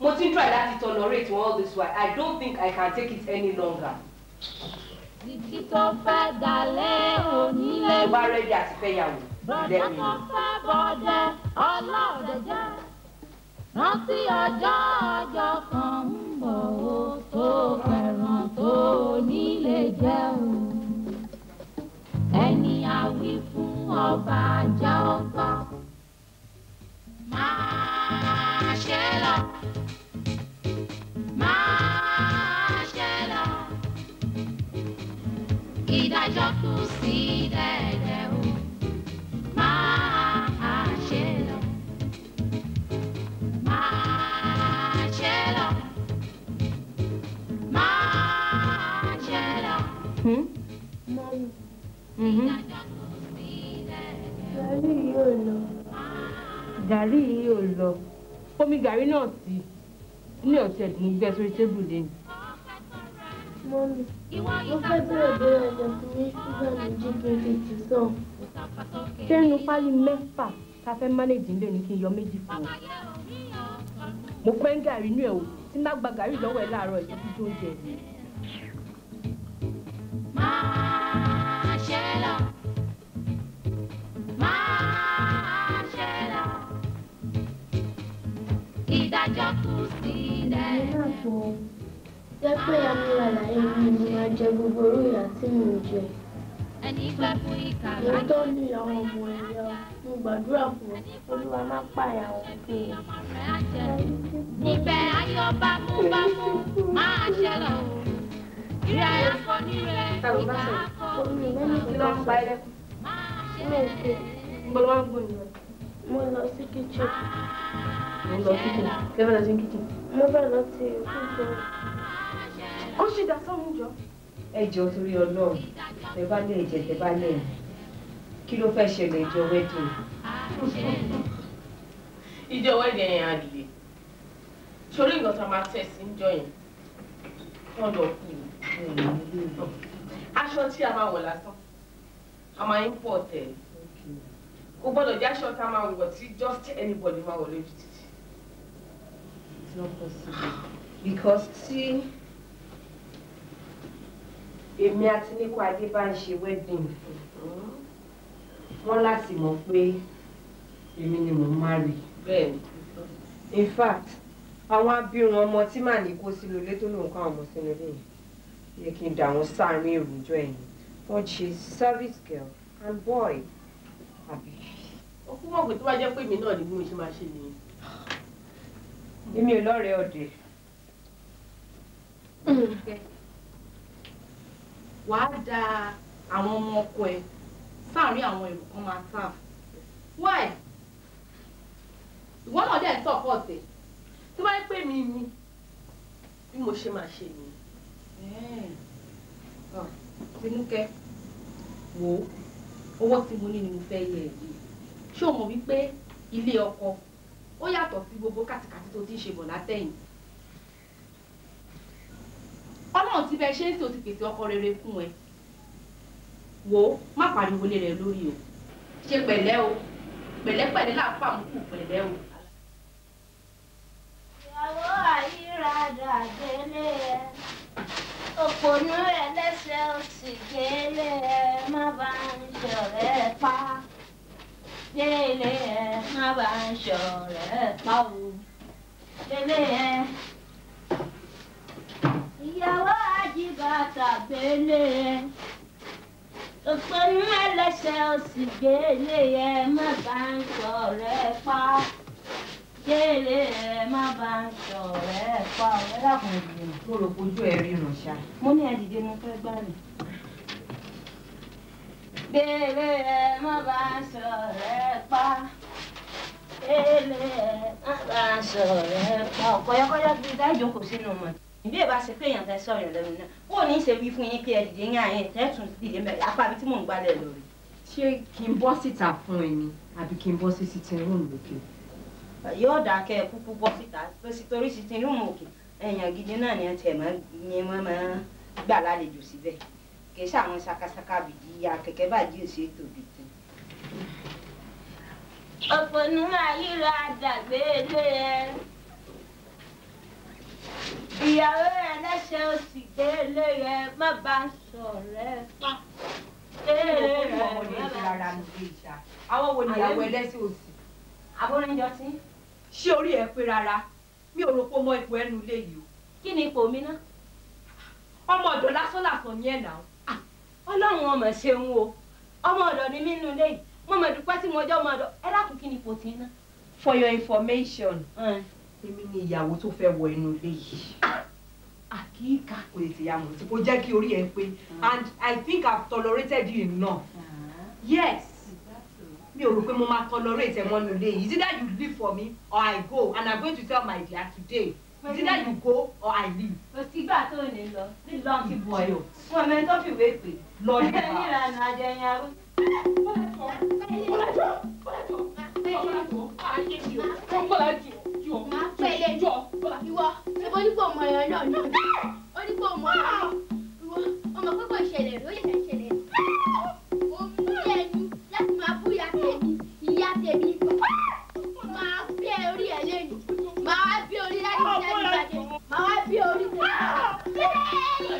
mo ti ń try láti tolerate all this while I don't think I can take it any longer. Títí tó fẹ́ dalẹ̀ onílé. Tó bá rẹ́dí àti fẹ́ yàwó, Bọ̀dá kan fẹ́ bọ̀dẹ, ọlọ́ọ̀dẹ jẹ́. Rántí ọjọ́ ọjọ́ kan ń bọ̀ ó tó fẹ́ràn tó ní jẹ́ o ẹni àwí fún ọba àjà ọgbà máa ṣe lọ. máa ṣe lọ. Ìdájọ́ kù sí dẹ́ẹ̀dẹ́. gàrí yìí ò lọ. gàrí yìí ò lọ omi gàrí náà sí ní ọ̀sẹ̀ tí mo gbé sórí tébù lé ní. mọ́mí mo fẹ́ bẹ̀rẹ̀ bẹ̀rẹ̀ ọ̀dọ̀kùnrin ṣúgbọ́n mi jí kí n lè jù sọ. sẹ́nu pálí mẹ́fà ká fẹ́ mánéjì ńlẹ̀ ní kí n yọ méjì fún ọ. mo fẹ́ ń gàrí inú ẹ̀ tí má gba gàrí lọ́wọ́ ẹ̀ láàárọ̀ ìtọ́jú tó ń jẹ. máa. Angela, máa ṣẹlá. Ìdájọ́ kù sílẹ̀. Ìyá àpò jẹ́ pé amúraláyé ni mo máa jẹ gbogbo orú ìyá tí mò ń jẹ. Ẹni gbẹ fún ìkà láyé. Èyí tó ní àwọn ọmọ ẹ̀yà mo gbàdúrà fún Olúwa má pààyà wọn pé. Ibẹ̀ ayọ̀ bámúbámú máa ṣẹlẹ̀ o. Ìrẹ̀ àkọ́ni rẹ̀ ìgbà àpò mo lọ sí kitchen. mo lọ kitchen kí ẹ fẹ́ lọ sí kitchen. mo fẹ́ lọ sí ìkújọ. ó ṣì dá sọ́run jọ. ẹ jọ torí Ọlọ́run tẹ bá lè jẹ tẹ bá lè kí ló fẹ́ ṣẹlẹ̀ ìjọ wedding. ìjọ wedding yẹn á lè torí nǹkan tá a máa tẹ̀sí ń jọ yẹn wọ́n lọ kú aṣọ tí a máa wọ̀ lásán a máa import ẹ̀ kò gbọ́dọ̀ jẹ́ aṣọ tá a máa wọ̀ tí just anybody máa wọ̀ lójú títì. because tí èmi àti nípa adé bá ń ṣe wedding fún wọn láti mọ̀ pé èmi ni mò ń marry. in fact àwọn abirùn ọmọ tí màá ní kó sínú ilé tó lóun ká ọmọ sínú ilé yẹn yẹ kí n dà wọ́n sáárín èròjọ ẹ̀yìn wọ́n ṣe service girl and boy àbí. òkú mọ̀ pé tó bá jẹ́ pé èmi náà ni bí mo ṣe máa ṣe nìyẹn. èmi ò lọ́rẹ̀ẹ́ ọ̀dẹ̀. wàá da àwọn ọmọ ọkọ ẹ sáàrin àwọn èrò kan máa tà why ìwọ náà dẹ̀ ń tọ̀ pọ̀ tẹ̀ tó bá yẹ pé mi ni bí mo ṣe máa ṣe nìyẹn tinúkẹ́ wò ó owó tí mo ní ni mo fẹ́ yẹ yìí ṣé o mọ̀ wípé ilé ọkọ ó yàtọ̀ sí gbogbo kàtìkàtì tó ti ṣe bọ̀ látẹ̀yìn ọlọ́run ti bẹ ṣe ń sè ó ti pèsè ọkọ rere fún ẹ wò ó má pariwo lé rẹ lórí o ṣe pẹ̀lẹ́ o pẹ̀lẹ́pẹ̀lẹ́ làpá pẹ̀lẹ́ o àwọ̀ àyíradà délé ẹ òpònú ẹlẹ́sẹ̀ òsì délé ẹ má bá ń ṣọ̀rẹ́ pa délé ẹ má bá pa o délé ẹ ìyàwó àjíbàtà délé ẹ òpònú ẹlẹ́sẹ̀ òsì délé pa kéré ẹ má bá ń sọ̀rọ̀ ẹ pa ọ̀rẹ́ dàkún ìdìbò. mo rò pojú ẹ ríran ṣá. mo ní ẹdìdì mo fẹ́ gbà rẹ̀. kéré má bá ń sọ̀rọ̀ ẹ pa kéré má bá ń sọ̀rọ̀ ẹ pa ọ̀kọ̀yọ́kọ́yọ́ bíi dájò kò sínú mọ̀ ìbí ìbá ṣe pé èèyàn fẹ́ sọ̀rọ̀ yẹn lẹ́nu náà kò ní í ṣe wí fún yín pé ẹ̀dìdì yín àyẹ̀ tẹ́tùn dìde mẹ́rin apá ibi tí mò ń gbálẹ̀ lórí. ṣé kí n bọ́ síta fún ẹni àbí kí n bọ́ sí sitting room lókè? yóò dá kẹ́ ẹ kúkú bọ́ síta torí sí tinúmù òkè èèyàn gidi náà ni tiẹ̀ máa gbà lálejò síbẹ̀ kì í ṣàwọn sakasaka bìdí akẹ́kẹ́ bàjẹ́ òṣè tòbí tó. òpònú ayíra dàgbéde ìyàwó rẹ lẹ́sẹ̀ ó sì gbélé rẹ má bá ń sọ rẹ pa èrè rẹ má bá ń sọ. àwọn wo ni ìyàwó ẹlẹ́sìn òsì. abúlé ń jọ sí ṣé orí ẹ pé rárá mi ò rò pé ipò ẹnu lé yìí o. kí ni ipò mi náà. ọmọ ọ̀dọ̀ lásán làsàn ní ẹ̀nà o. ọlọ́run ọmọ ṣeun o ọmọ ọ̀dọ̀ ni mí nínú ilé mo mọ̀ dúpẹ́ tí mo jẹ́ ọmọ ọ̀dọ̀ ẹ dákun kí ni ipò tí ná. for your information èmi ni ìyàwó tó fẹ́ wọ inú ilé yìí àkíkà kò lè tìyà tí kò jẹ́ kí orí ẹ pé and I think I've tolerated you enough. yes mi ò rò pé mo máa tolerate ẹ̀wọ̀n nù lé yìí either you leave for me or I go and I'm going to tell my dear today either you go or I leave. o ti gbà tó ní lọ ní lọ́ọ̀kì bọ̀yọ̀ fún ọmọ ẹni tó fi wéé pè lọ́ọ̀dì bá ẹni ìlànà àjẹyìn arú. Ìwọ ṣe bó nípò ọmọ ẹ̀yọ́ náà. Ó nípò ọmọ ẹ̀yọ́. Ìwọ ọmọ pípọ̀ ìṣẹ̀lẹ̀ ló yẹ kẹ́ ṣẹlẹ̀. tèmi ìyá tèmi máa bí orí ẹ lẹ́nu máa bí orí láti ṣe àgbàdé máa bí orí tèmi.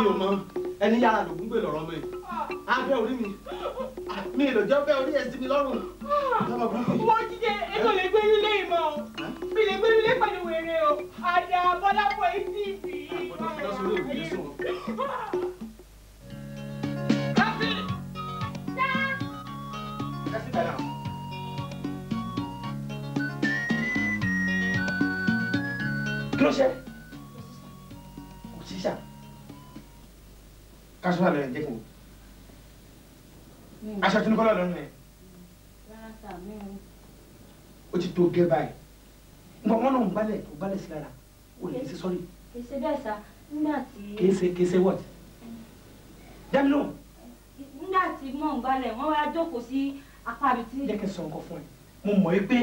mi ò mọ ẹni yára lògùn gbè lọ́rọ̀ mọ́ ẹ abẹ́ orí mi mi ìlòjọ́ bẹ́ orí ẹ̀ sí mi lọ́rùn. mo jíjẹ ètò lè gbé nílé ìmọ̀ o mi lè gbé nílé pẹ̀lú wèrè o àdá bọ́lápọ̀ etí ìbí. kí ló ṣe kò sí sàn kásùnà lọ ẹ̀ jẹ́ kí n wò. Hmm. aṣọ tí ní kọ́lọ̀ lọ́nà ẹ̀ ó ti tó gẹ́ báyìí nǹkan wọn náà ń gbálẹ̀ tó gbálẹ̀ sí lára ó lè ṣe sọ́rí. kì í ṣe bẹ́ẹ̀ sá nígbà tí. kì í ṣe kì í ṣe what. dẹ́mi lóhùn. nígbà tí mò ń gbálẹ̀ wọ́n wá jókòó sí apá mi tí. jẹ́ kí n sọ nǹkan fún ẹ mo mọ̀ ẹ́ pé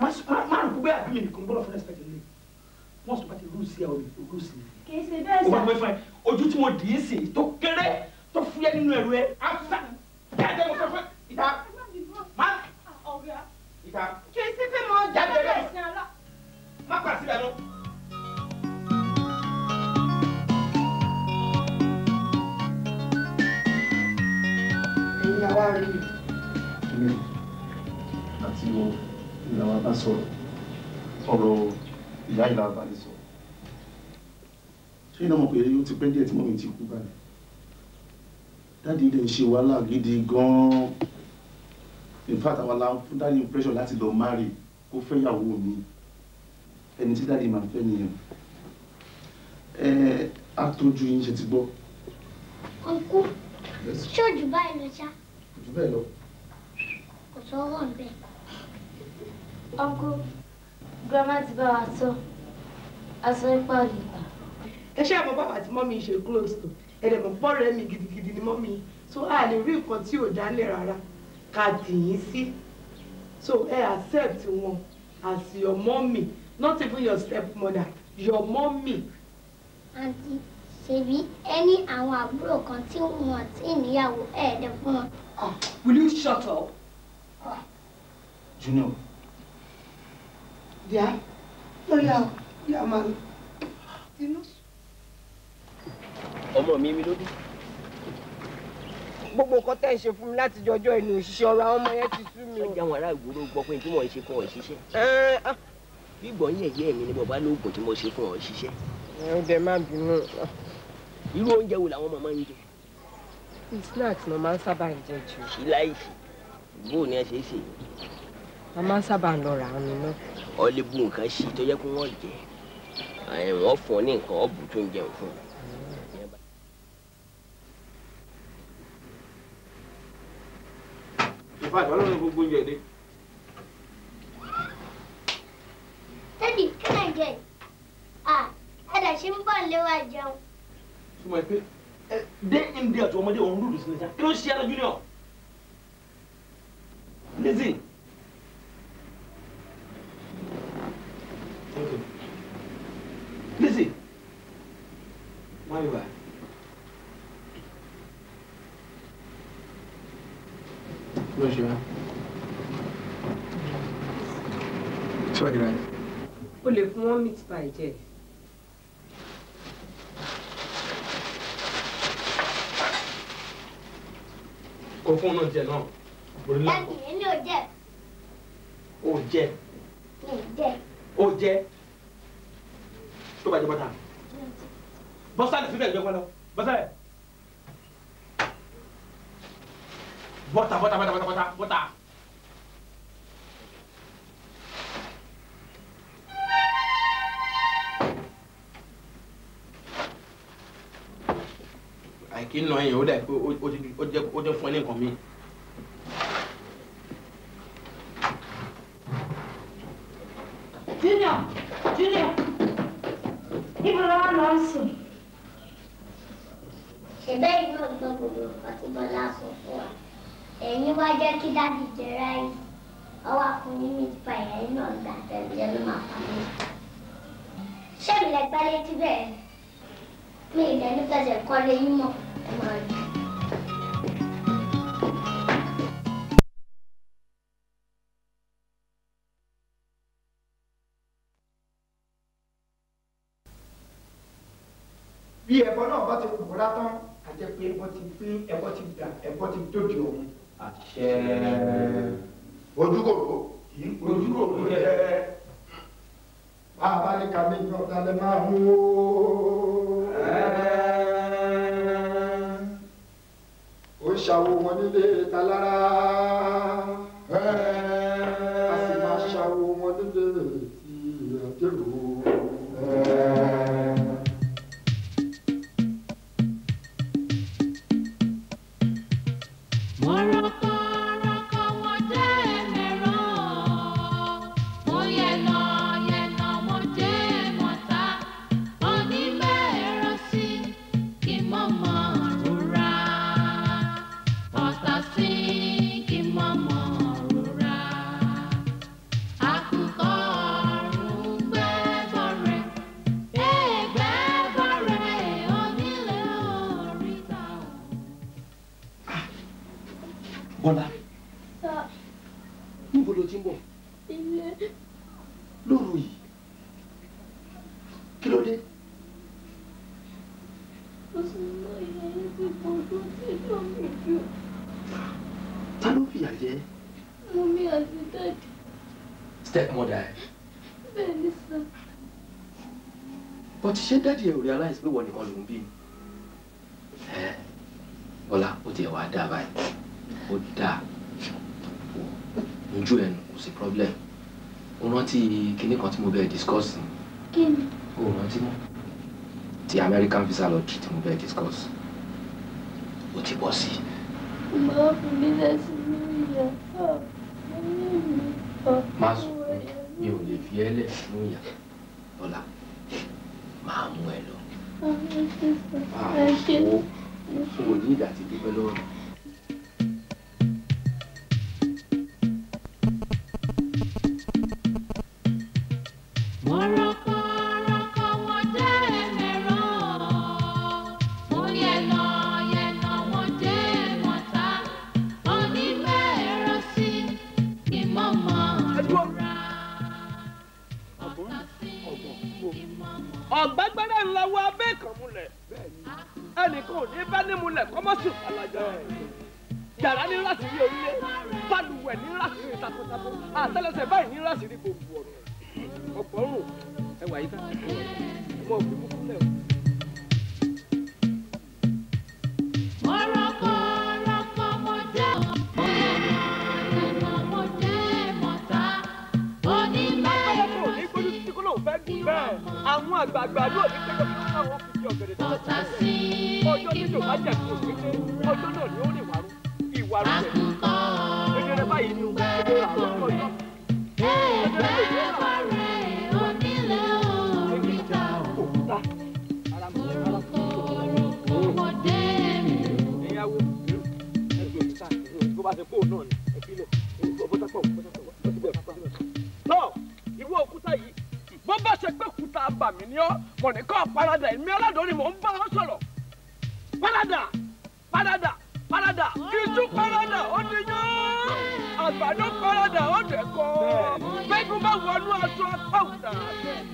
má rò pé àbí mi nìkan gbọ́dọ̀ fún respect mi wọ́n sọ pé rúùsì ẹ̀ rúùsì mi. kì í ṣe bẹ́ẹ̀ sá. ojú tí mo dì í sí tó kéré tó fúyẹ́ nínú ẹ̀rù ẹ̀ jáde mo sọ fún ìta má ìta jáde lẹ́nu má pàṣẹ lẹ́nu. ẹ̀yin àwa rí i. àti wọn ìlànà bá sọ̀rọ̀ ọ̀rọ̀ ìyá ìlà sọ. ṣé iná mọ̀ pé ó ti pẹ́ díẹ̀ tí mọ̀mí ti kú báyìí dáàdi ilé ń ṣe wàhálà gidi gan-an in fact àwọn aláwọ̀ fún dáàdi pressure láti lọ marry kó fẹ́yàwó mi ẹni tí dáàdi máa fẹ́ nìyẹn ẹ á tójú yín ṣe ti gbọ́. ọkú ṣóòjù báyìí lọ ṣá. jù bẹ́ẹ̀ lọ. kò sọ̀rọ̀ ń bẹ̀. ọkú gírámà ti bá wa sọ aṣọ ipa òdìgbà. ẹ ṣe àmọ́ bàbá àti mọ́mí ṣe close to ẹ̀dẹ̀mọ̀ bọ́ọ̀rẹ́ mi gidigidi ni mọ́ mi so a lè rí nǹkan tí ò dálẹ̀ rárá ká tì yín sí so ẹ accept wọn as your mommy not even your stepmother your mommy. àǹtí ṣèbí ẹ ní àwọn àbúrò kan tí wọn ti níyàwó ẹ̀ẹ́dẹ̀ fún will you shut up? Ah. Junior. Yeah? No, yeah, yeah, man. You know? ọmọ mi mi ló bí. gbogbo nǹkan tẹ́ ń ṣe fún mi láti jọjọ́ inú òṣìṣẹ́ ọ̀rọ̀ àwọn ọmọ yẹn ti sú mi. ọjà àwọn ará ìgboro gbọ́ pé tí mò ń ṣe fún ọ ṣiṣẹ́. Ah. bí gbọ́n yẹ̀ yẹ́ mi ni bàbá lóògùn tí mo ṣe fún ọ ṣiṣẹ́. ẹ ó dẹ má bínú. irú oúnjẹ wo làwọn ọmọ máa ń jẹ. snacks ni wọ́n máa ń sábà ń jẹ jù. sí láìsí bó ni ẹ ṣe é ṣe. a máa ń sábà lọ rà á nínú. ọ lè bu nǹkan sí i tó yẹ kó wọ́n jẹ àwọn fún ọ ní nǹkan ọ̀bù tó ń jẹun fún un. ìfà ìfọlọ́run ní gbogbo oúnjẹ dé. Daddy, can I get it? ah ẹ̀dà ṣe ń bọ̀ lé wa jẹun. súnmọ́ ẹ pé ẹ dé india tó ọmọdé òun rúdù sí ní sá kí ló ń ṣe ẹ junior. Lizzie. Okay. Lizzie. Why you are? ló ń ṣe báyìí. ṣọ́ọ̀dì báyìí. o lè fún wọn meat pie jẹ. kò fún un náà jẹ náà. dáàbì èmi ò jẹ. o jẹ. mi jẹ. o jẹ. tó bá jẹ bọ́tà. bọ́sálì fífẹ́ ìjọba lọ bọ́sálì. bọ́tà bọ́tà bọ́tà bọ́tà bọ́tà bọ́tà. não nà yẹn ó dà pé ó jẹ́ fún ẹ ní nǹkan mi. Junior, Junior, ibo la wà não sùn. Ṣé bẹ́ẹ̀ não ọ̀gbọ́n gbogbo àti Bọ́lá sọ fún wa? ẹ̀yin wá jẹ́ kí dáàdì jẹ ráì ọwọ́ àkùnrin mi ti pa ìyẹn náà gbà tẹ̀lé yẹn ló máa pa mí. ṣé mi lẹ gbá létí bẹ́ẹ̀ mi ìdẹ́ ní fẹsẹ̀ kọ́ lé yín mọ̀ ẹ̀ bí ẹbọ náà bá ti pòórá tán àjẹpé ẹbọ ti pín ẹbọ ti dà ẹbọ ti dòdì òun àṣẹ. ojúkòkò ojúkòkò yẹ bàbá ní kàmí ìjọba lè o. ó nílé talára. ṣé dádì ẹ ò realize pé wọ́n nìkan lòún bí mi. ẹ bọ́lá ó tiẹ̀ wá dáa báyìí ó dáa ojú ẹnu kò sí problem ó rántí kinní kan tí mo bẹ́ẹ̀ discuss ni. kí ni. ó rántí mọ́ ti American visa lottery tí mo bẹ́ẹ̀ discuss ó ti bọ́ sí. mo fi bílẹ̀ sí mi yà ọ́ mi ní ìlú ọ̀. má sùn mi ò lè fi ẹ́ lẹ̀ fún ìyá ọ̀la. àìsàn owó fún òní ìgbà àti àwọn àgbààgbà ló ní pé lọ́kọ́ táwọn fi di ọ̀gẹ̀dẹ̀ tó ti ṣe ọjọ́ nílò bá jẹ̀ kó pété ọjọ́ náà ni ó lè wàrú ìwàrú rẹ̀ kedere báyìí ni òkú àwọn ọjọ́ kedere lè jẹ́ òkúta ẹ̀yàwó ẹgbẹ̀rún sáà tó bá ti kó náà ni. mi ni ọ́ mo ní kọ́ parada èmi ọlọ́dọ̀ ni ń bá ọ sọ̀rọ̀ parada parada parada kìtú parada ó ti yán àgbàdo parada ó dẹ̀ kọ́ gbẹ́gun bá wọnú aṣọ àpáwùdà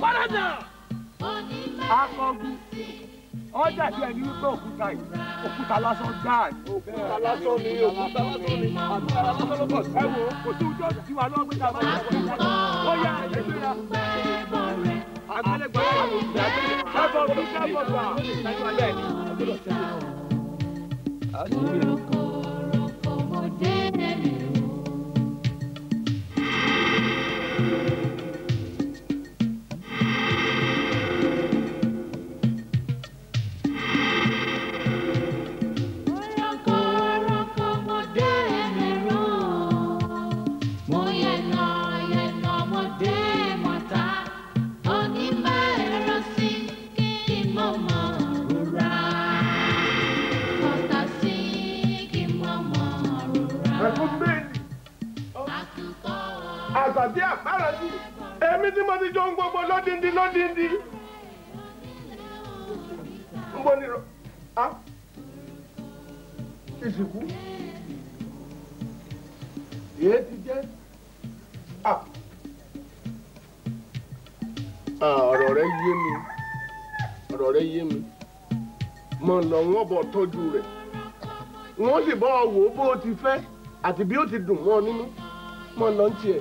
parada. akọgun ọjà tí ẹni wípé òkúta yìí òkúta lásán gbáà ni. òkúta lásán ni òkúta lásán ni àbúrò lásán ló bọ̀ sí. kò sí ojú ọ̀sìn tiwa lọ́gbẹ́ta bá yẹ kó yá ẹgbẹ́ àgbélẹ̀gbà ẹ̀fọ́ fúnṣẹ́ bọ̀gbà ẹ̀fọ́ bẹ́ẹ̀ ni. orúkọ orúkọ mo nẹ́mi o. àgbà bí àpárá sí èmi tí mo ti jọ ń gbogbo lódìndín lódìndín. ń bọ́ nírọ̀ á ìsìnkú èé ti jẹ́ à. ọ̀rọ̀ rẹ yé mi ọ̀rọ̀ rẹ yé mi mo lọ wọ́n bọ̀ tọ́jú rẹ̀ wọ́n sì bọ́ wò ó bó ti fẹ́ àti bí ó ti dùn mọ́ ọ nínú mo lọ ń tiẹ̀.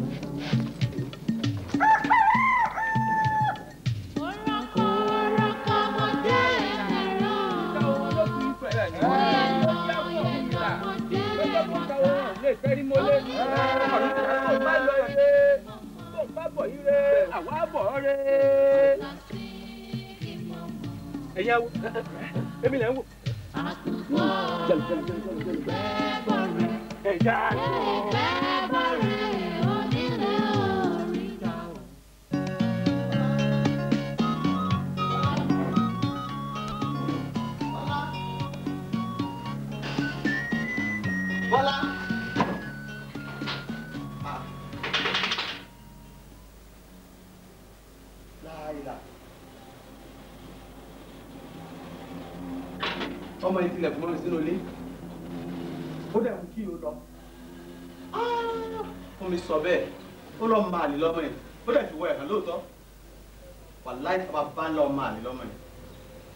lè tẹ́rí mọ́lé. tó bá lọ ire tó bá bọ̀ ire àwa bọ̀ ọ́re. ẹ̀yin awo èmi lẹ̀ ń wò. ẹ̀yà àgbọ̀. Bọ́lá. tilẹ̀kùn mọ́ mi sínú ilé ó dẹ̀ mú kí o lọ ah, fún mi sọ bẹ́ẹ̀ ó lọ máa lè lọ́mọ yẹn ó dẹ̀ fi wọ ẹ̀kan lóòótọ́ wàláì tí wọ́n bá ń lọ máa lè lọ́mọ yẹn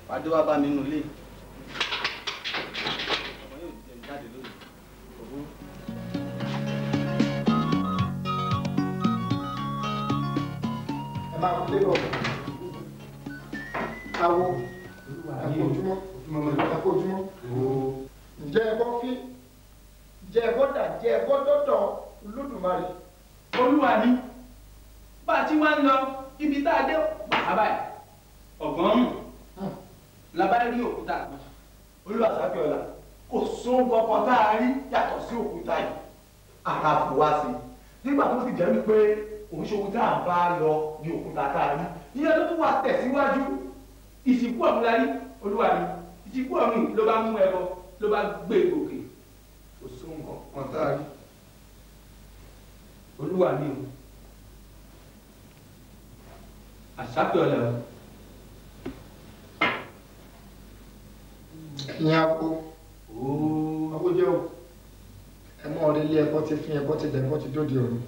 wàá dé wá bá mi nínú ilé yẹn bọ́ ti dẹ̀ bọ́ ti dóde ọ̀run.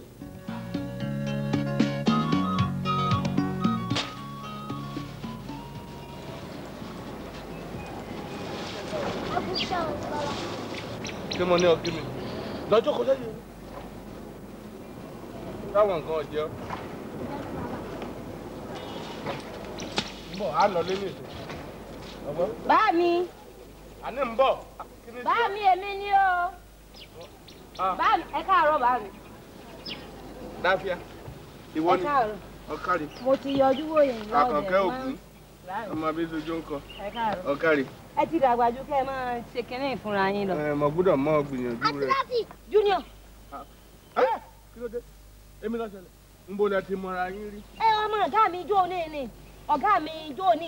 ṣé mo ní ọkí mi lọ́jọ́ kọjá yìí táwọn nǹkan ọ̀jẹ́ bọ̀ á lọ lé ní ètò. bá mi. àní ń bọ̀. bá mi èmi ni o. báàmì ẹ káàárọ̀ báàmì. dáfíà ìwọ ni ọkàrí. mo ti yọjú wò yẹn lọ́dẹ̀ àkànkẹ́ òkú ọmọ bí sojú ń kọ ọkàrí. ẹ ti dàgbà ju kẹ́ ẹ máa ṣe kínní ìfúnra yín lọ. ẹ mọ gbọ́dọ̀ mọ lọ ṣẹlẹ̀ ń bo lẹ ti mọra yín ọ̀gá mi jó ní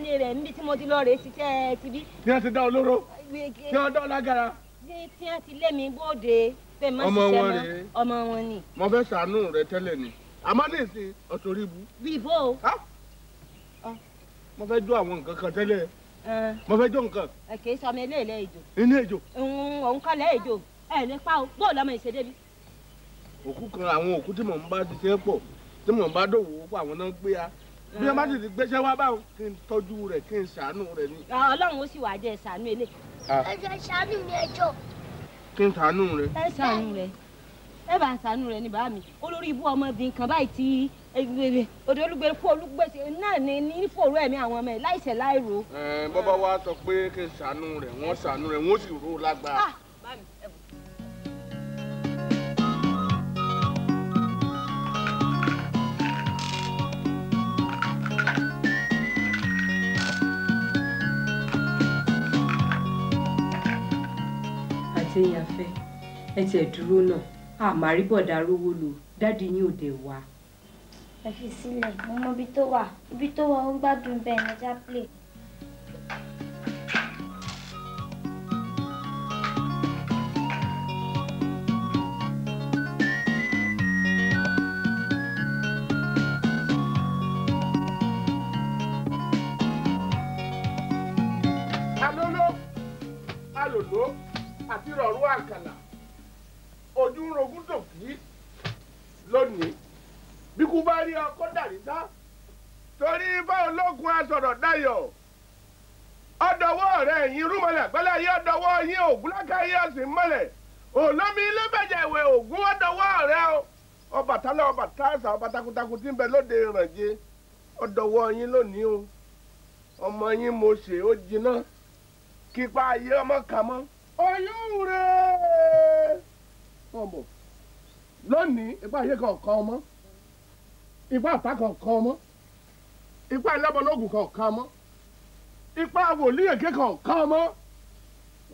ní rẹ̀ níbi tí mo ti lọ rèé ṣiṣẹ́ bí wọ́n ti dá olóró wọ́n dá ọlágara. ṣe tí wọ́n ti lé mi bóde pé má ṣiṣẹ́ mọ́ ọmọ wọn ni. mo fẹ́ ṣàánú rẹ tẹ́lẹ̀ ni àmọ́ ní ìsìn ọ̀tọ̀rí bu. bíbó. mo fẹ́ jó àwọn nǹkan kan tẹ́lẹ̀ mo fẹ́ jó nǹkan. kì í sọmọ ilé ilé ìjò. ilé ìjò. òun kọ́ lẹ́ ìjò ẹ̀ nípa o bóòlù ọmọ ìṣe débi. òkú kan àwọn òkú tí mò ń bá ṣiṣẹ́ pọ̀ tí mò ń bá dòwò fún àwọn náà gbé bí wọ́n ti gbéṣẹ́ wá báwọn kí n tọ́jú rẹ̀ kí n ṣàánú rẹ̀ ni. ọlọ́run ó sì wá jẹ́ ṣàánú eléyìí Ah. ẹjọ ṣàánú mi ẹjọ. kí n ṣàánú rẹ. ẹ ṣàánú rẹ ẹ bá ṣàánú rẹ ní bàá mi olórí ibú ọmọbìnrin kan báyìí ti òde olùgbé kú olùgbèsè náà ní ní fòrò ẹ̀mí àwọn ọmọ ẹ̀ láìṣẹ̀ láìro. bọ́bá wa sọ pé kí n ṣàánú rẹ̀ wọ́n ṣàánú rẹ̀ wọ́n sì rò lágbára. Ah, àtẹ̀yìn afẹ́ ẹ tiẹ̀ dúró náà àmọ́ àríbọ̀dá rówó lò dáàdi yín ò dé wá. ẹ fi sílẹ̀ mo mọ ibi tó wà ibi tó wà ó ń gbádùn bẹ́ẹ̀ ní jápìlẹ̀. táyé ọ̀sìn mọ́lẹ̀ olómi ilé bẹ̀jẹ̀ ìwé ògún ọ̀dọ̀wọ́ rẹ̀ o Ọbàtálá ọba táàsà ọba takuntakun tí ń bẹ lóde ìrànjẹ ọ̀dọ̀wọ́ yín lónìí o ọmọ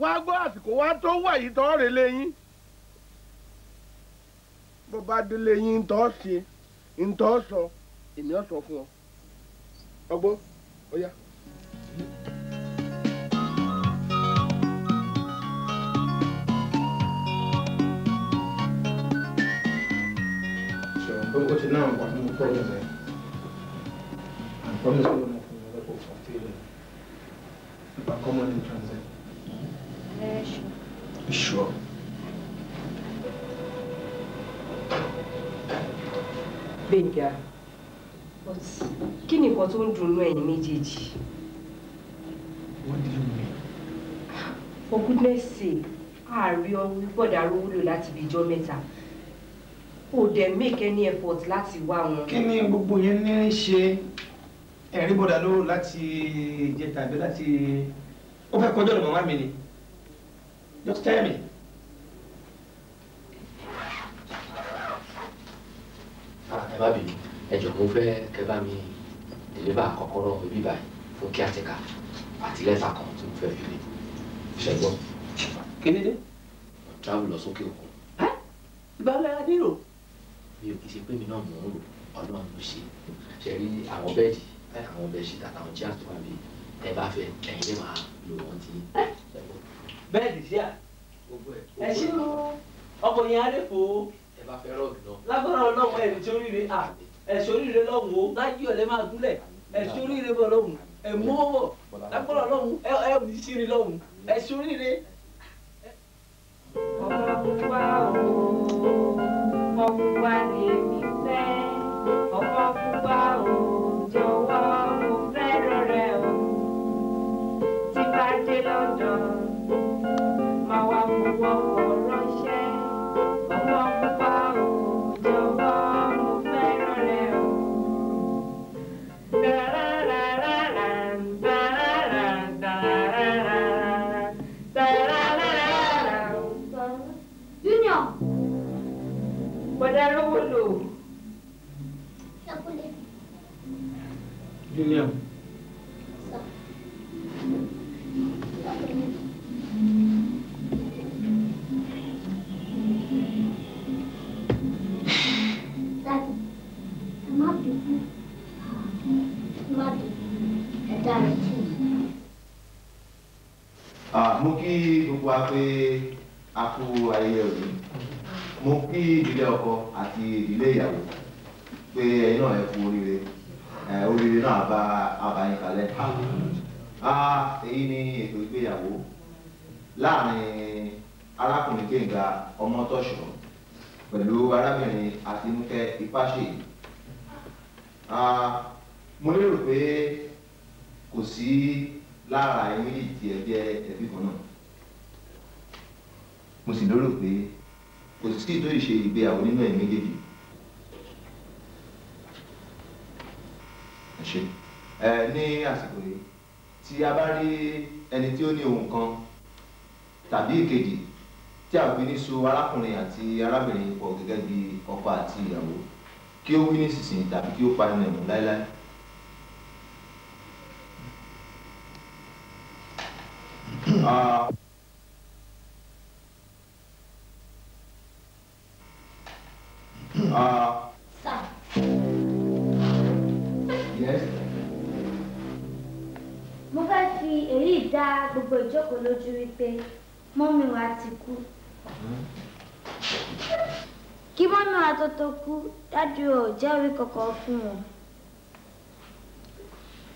wá gbọ́ àsìkò wá tó wà yìí tọ́ rè lẹ́yìn bó bá délé yín ń tọ́ ṣe ń tọ́ sọ èmi ọ̀ sọ fún ọ ọgbọ́n ó yá. But what you know, what no problem there. I promise you, I'm not going to fulfill it. But common in transit. Very sure. You sure? Gbẹ̀ngà, but kí ni nǹkan tó ń dunnú What do you mean? For goodness sake, ààrẹ ọ̀hún gbọ́dọ̀ arówó lò láti bí ijọ́ mẹ́ta ò dẹ̀ make any effort láti wá wọn. kí ni gbogbo yẹn ní í ṣe ẹ̀rí bọ̀dà ló láti ìjẹta àbí láti ó fẹ́ kọjọ́ lọ màmá mi ni Just tell me. Ah, ẹ má bínú ẹ jọ̀wọ́ fẹ́ kẹ́ bá mi dèlébà kọ́kọ́rọ́ ibi báyìí fún kíátẹ́kà àti lẹ́tà kan tí mo fẹ́ fi lé ṣe kíni dé. mo travel lọ sókè òkun. ìbálẹ̀ adéró. mi ò kì í ṣe pé mi náà mò ń rò ọlọ́run ló ṣe ṣe rí àwọn bẹ́ẹ̀dì àwọn bẹ́ẹ̀ṣì àtàwọn jíà tó wà bí ẹ bá fẹ́ ẹ̀yin lè máa lò wọ́n ti ṣe bẹ́ẹ̀dì sí à ẹ̀sìn o ọkọ̀ yẹn adéfò lágbára ọlọ́run ẹ̀ ní sóríire à ẹ̀ sóríire lọ́hùn o lájú ọ̀lẹ́ máa gúnlẹ̀ ẹ̀ sóríire bọ̀ lọ́hùn ẹ̀ mú ọwọ́ lágbára ọlọ́run ẹ̀ sírí lọ́hùn ẹ̀ sóríire. ọ̀pọ̀ wa o ni. Yeah. Ah, mo kí gbogbo wa pé a kú ayẹyẹ òní mo kí ìdílé ọkọ àti ìdílé ìyàwó pé ẹ̀yin náà ẹ kú oríire oríire náà àbá àbáyín kalẹ̀ ah, ah, èyí ni ètò ìgbéyàwó láàrin arákùnrin Gbénga Ọmọtọ́ṣọ̀ pẹ̀lú arábìnrin Àtinúkẹ́ Ipáṣe ah, mo lérò pé kò sí lára ẹ̀mí tí ẹ jẹ́ ẹbí kan náà mo sì lérò pé kò sí tó ìṣe ìgbéyàwó nínú ẹ̀ méjèèjì ẹ ṣe ẹ ní àsìkò yìí tí a bá rí ẹni tí ó ní ohun kan tàbí ìkejì tí a fi ní so arákùnrin àti arábìnrin pọ̀ gẹ́gẹ́ bí ọkọ àti ìyàwó kí ó wí nísinsìnyí tàbí kí ó pa ẹnu ẹ̀mú láéláé. Uh, uh, mo fẹ́ fi èyí dá gbogbo ìjókòó lójú wípé mọ́mí wa ti kú mm-hmm. kí mọ́mí wa tó tó kú dájú ò jẹ́rìí kankan fún wọn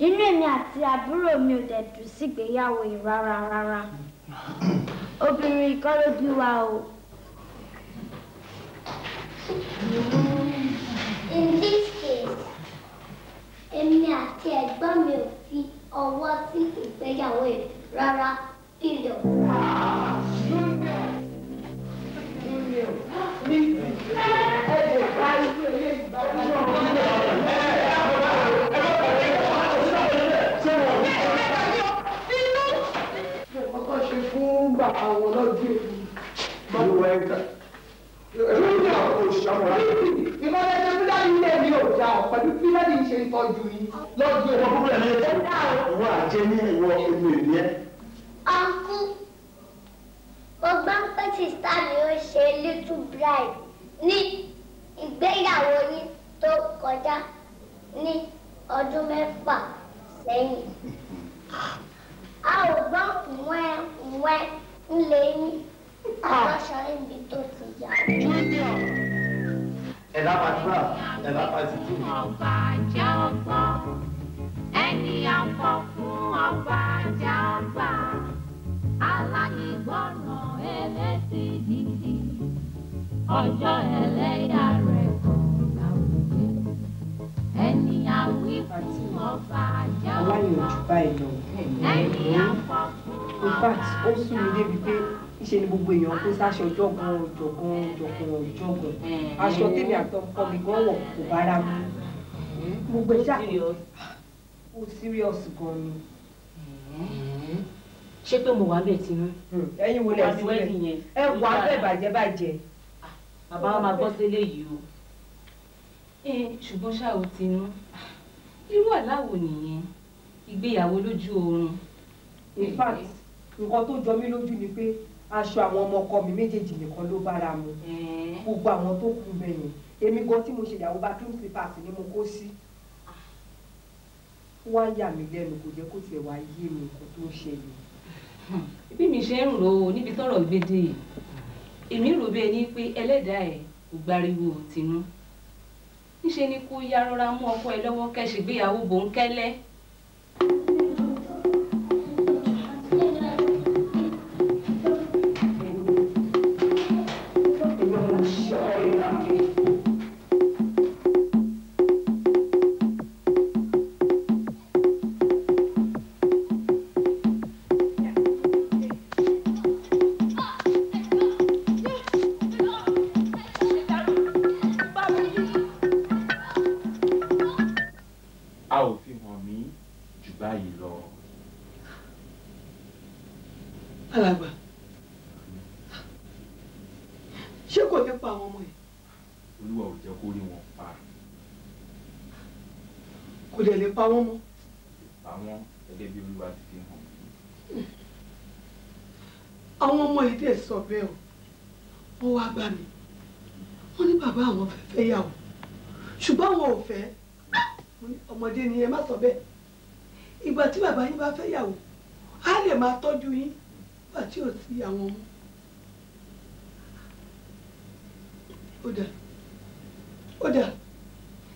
inú èmi àti àbúrò mi ò dẹ̀ sígbéyàwó yìí rárá [coughs] obìnrin ìkọ́ ló bí wa o. In this èmi àti ẹ̀gbọ́n mi ò fi ọwọ́ sí ìgbéyàwó yìí rárá period. àwọn ọlọ́dún èyí. Ìwé ẹ̀ka. Ìwé ẹ̀ka kò ṣàmùlá. Ìmọ̀lẹ́ dá ọ pẹ̀lú fílẹ́dì ṣe ń tọ́jú yín. lọ́jọ́ ìwọ kúrò ẹ̀ lẹ́yìn ìwọ àjẹ ní ìwọ inú ìlú ẹ. ọkú ọgbọ́n pé sista mi ó ṣe little bride ní ìgbéyàwó yín tó kọjá ní ọdún mẹ́fà sẹ́yìn. a ò gbọ́ ìwẹ́ ìwẹ́ ńlẹ̀ yín ah. lọ́sọ̀rọ̀ ibi tó ti yà. júnior ẹ̀dá pàṣípà ẹ̀dá pàṣítì. ọba jẹ́ ọgbọ́ ẹni àpọ̀ fún ọba jẹ́ ọgbà aláìgbọràn ẹlẹ́sìn dídì ọjọ́ ẹlẹ́yà rẹ̀ kan làwùjẹ́ ẹni àwí fún ọba jẹ́ ọgbà ẹni àpọ̀ fún ọba jẹ́ ọgbà. in fact ó sún ṣe ni gbogbo èèyàn kó sáṣọ jọ̀gbọ̀n jọ̀gbọ̀n jọ̀gbọ̀n jọ̀gbọ̀n mm-hmm. aṣọ tèmi àtọkọ mi gan wọ̀ kò bára mu mm-hmm. gbogbo ẹja ó serious gan ni. Mm-hmm. ṣé pé mo wà bẹ́ẹ̀ tinú. Hmm. ẹ̀yin wo lẹ sílẹ̀ ẹ wà bẹ́ẹ̀ bàjẹ́ bàjẹ́. Ah, bàbá wa máa gbọ́ sílé yìí o eh, ṣùgbọ́n ṣá ò tinú irú àláwò nìyẹn ìgbéyàwó lójú oorun. in fact nǹkan tó jọ mí lójú ni pé aṣọ àwọn ọmọ ọkọ mi méjèèjì nìkan ló bára mu gbogbo àwọn tó kù bẹ̀yìn èmi gan tí mo ṣèyàwó bathroom slippers ni mo kó sí wá yà mí lẹ́nu kò jẹ́ kó tiẹ̀ wá yé mi kó tó ṣẹlẹ̀. bí mi ṣe ń rò ó níbi tọ́rọ̀ gbé èmi rò bẹ́ẹ̀ ni pé ẹlẹ́dàá ẹ̀ kò gbariwo tìǹú níṣẹ́ ni kó yá rọra mú ọkọ ẹ lọ́wọ́ kẹ́ ṣègbéyàwó bòńkẹ́lẹ́. bí àwọn ọmọ ó dà ó dà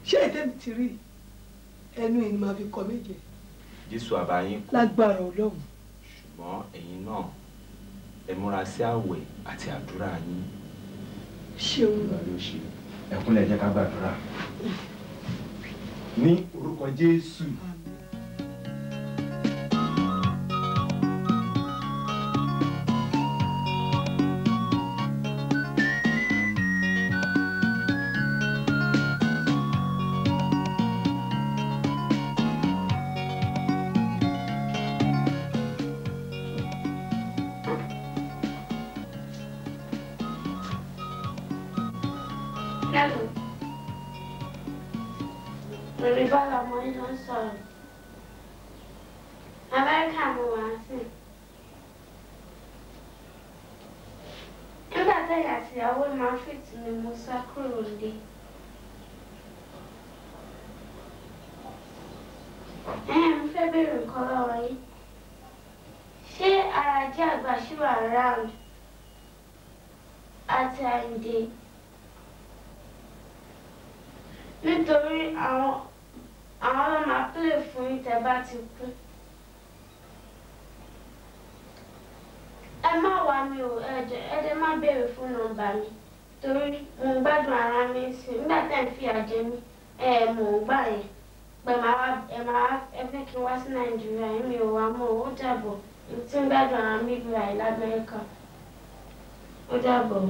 ṣé ìtẹ́bi ti rí ẹnu yìí ni màá fi kọ méje. jésù àbáyín kú lágbára ọlọ́run. ṣùgbọ́n ẹ̀yin náà ẹ múra sí àwẹ̀ àti àdúrà yín. ṣeun ẹkúnlẹ̀ jẹ́ ká gbàdúrà ní orúkọ jésù. àmín. dìde nítorí àwọn àwọn ló máa pèlè fún yín tẹ́ bá ti kú ẹ má wá mi o ẹ jẹ ẹ dẹ má béèrè fún nọ́mbà mi torí mo ń gbádùn ara mi sí nígbà tẹ́ ń fi àjẹ mi ẹ mò ń gbà yẹn pẹ̀ máa ẹ máa ẹ fẹ́ kí n wá sí nàìjíríà èmi ò wá mọ́ ó dàbọ̀ tí ń gbádùn ara mi gbà yìí lábẹ́rẹ́ kan ó dàbọ̀.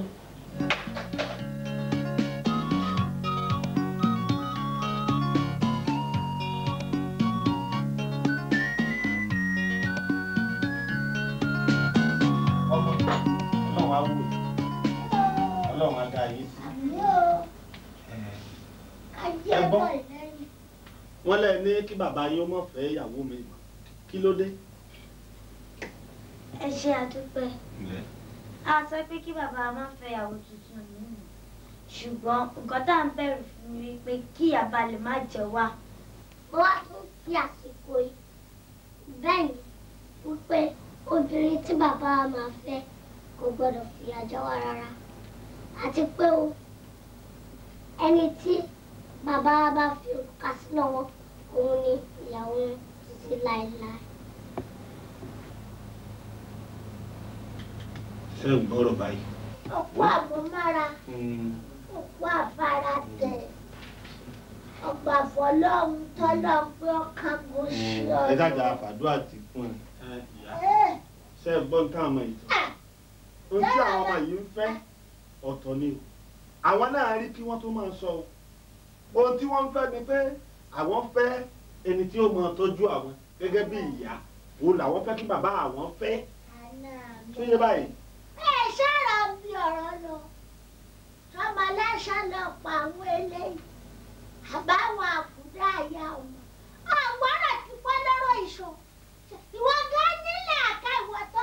wọ́n lẹ́ ní kí bàbá yín ó mọ̀ fẹ́ ìyàwó mi kí ló dé. ẹ ṣe àdúpẹ́ a sọ pé kí bàbá má fẹ́ ìyàwó tuntun mi ṣùgbọ́n nǹkan tá à ń bẹ̀rù fún mi pé kí ìyàbá lè má jẹ wá. mo wá tún fi àsìkò yìí bẹ́ẹ̀ ni wípé obìnrin tí bàbá wa máa fẹ́ kò gbọ́dọ̀ fìyà jẹ wá rárá àti pé o ẹni tí bàbá wa bá fi òrùka sínú wọn òun ni ìyàwó wọn títí láéláé. ṣé ń gbọ́rọ̀ báyìí. ọ̀pọ̀ àbúmára ọ̀pọ̀ àbára tẹ̀ ọgbà fọlọ́hún tọ́lọ́ pé ọkàn kò sí ọ̀rọ̀. ẹ dàgbà àfàdúrà ti fún ẹ ṣe é gbọ́n tá a mọ ìtọ́ ohun tí àwọn ọmọ yìí ń fẹ́ ọ̀tọ̀ ni o àwọn náà rí kí wọ́n tó máa sọ ohun tí wọ́n ń fẹ́ ni pé àwọn fẹ́ ẹni tí ó mọ tọ́jú àwọn gẹ́gẹ́ bí ìyá òun làwọn fẹ́ kí bàbá àwọn fẹ́ tó yẹ báyìí. bẹ́ẹ̀ sọ̀rọ̀ bí ọ̀rọ̀ lọ ọmọ aláṣà lọ pa àwọn eléyìí àbáwọn àkúdá àyà wọn ọgbọ́n rẹ̀ ti pọ́ lọ́rọ̀ ìṣọ̀ ìwọ gan nílẹ̀ àká ìwọ tó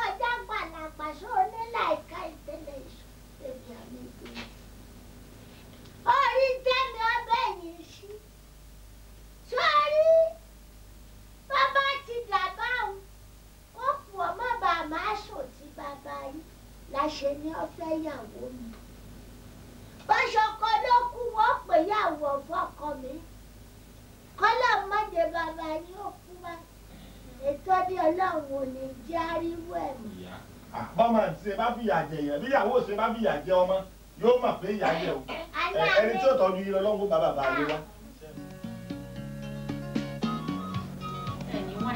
bá fìyà ọmọ yóò mà pé ìyá o [coughs] ẹni tí ó tọ́jú yìí lọ́wọ́ bá bàbá wá.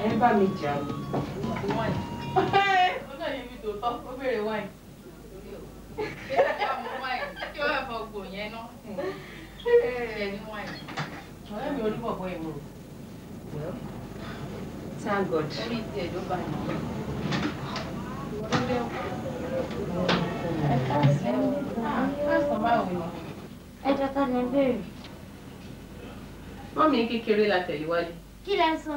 ẹ bá mi jà ní. Thank God ẹjọ́ ta ni ẹ béèrè. mọ́mì kékeré la tẹ̀lé wálé. kí lẹ sọ.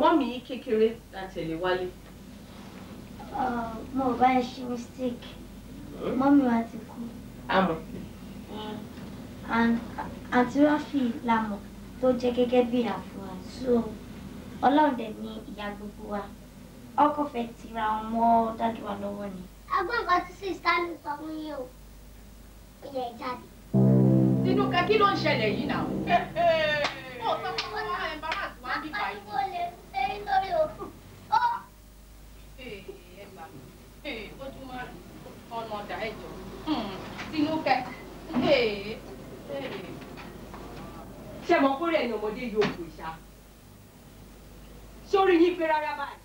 mọ́mì kékeré la wálé. mo ò bá ẹ ṣe mistake mọ́mì wa ti kú. àmọ́. àǹtí rọ́fì la tó jẹ́ gẹ́gẹ́ bí àfúrà so ọlọ́run dẹ̀ ni ìyá gbogbo wa ọkọ̀ fẹ́ tira ọmọ dájú wa lọ́wọ́ ni agbọ́n nǹkan tí sista mi sọ fún yín o ó yẹ jáde. tinúkẹ kí ló ń ṣẹlẹ̀ yìí náà. ó sọ fún wọn náà embarrass wá bí báyìí. àpá ìwọ lè ṣe é lórí òkú. ẹ gbà mí ojúmọ́ ọ̀nà ọ̀dà ẹ̀jọ̀ hmm, tinúkẹ. ṣé mo kórè ẹ̀yìn ọmọdé yóò kù ìṣá sórí yín pé rárá báyìí.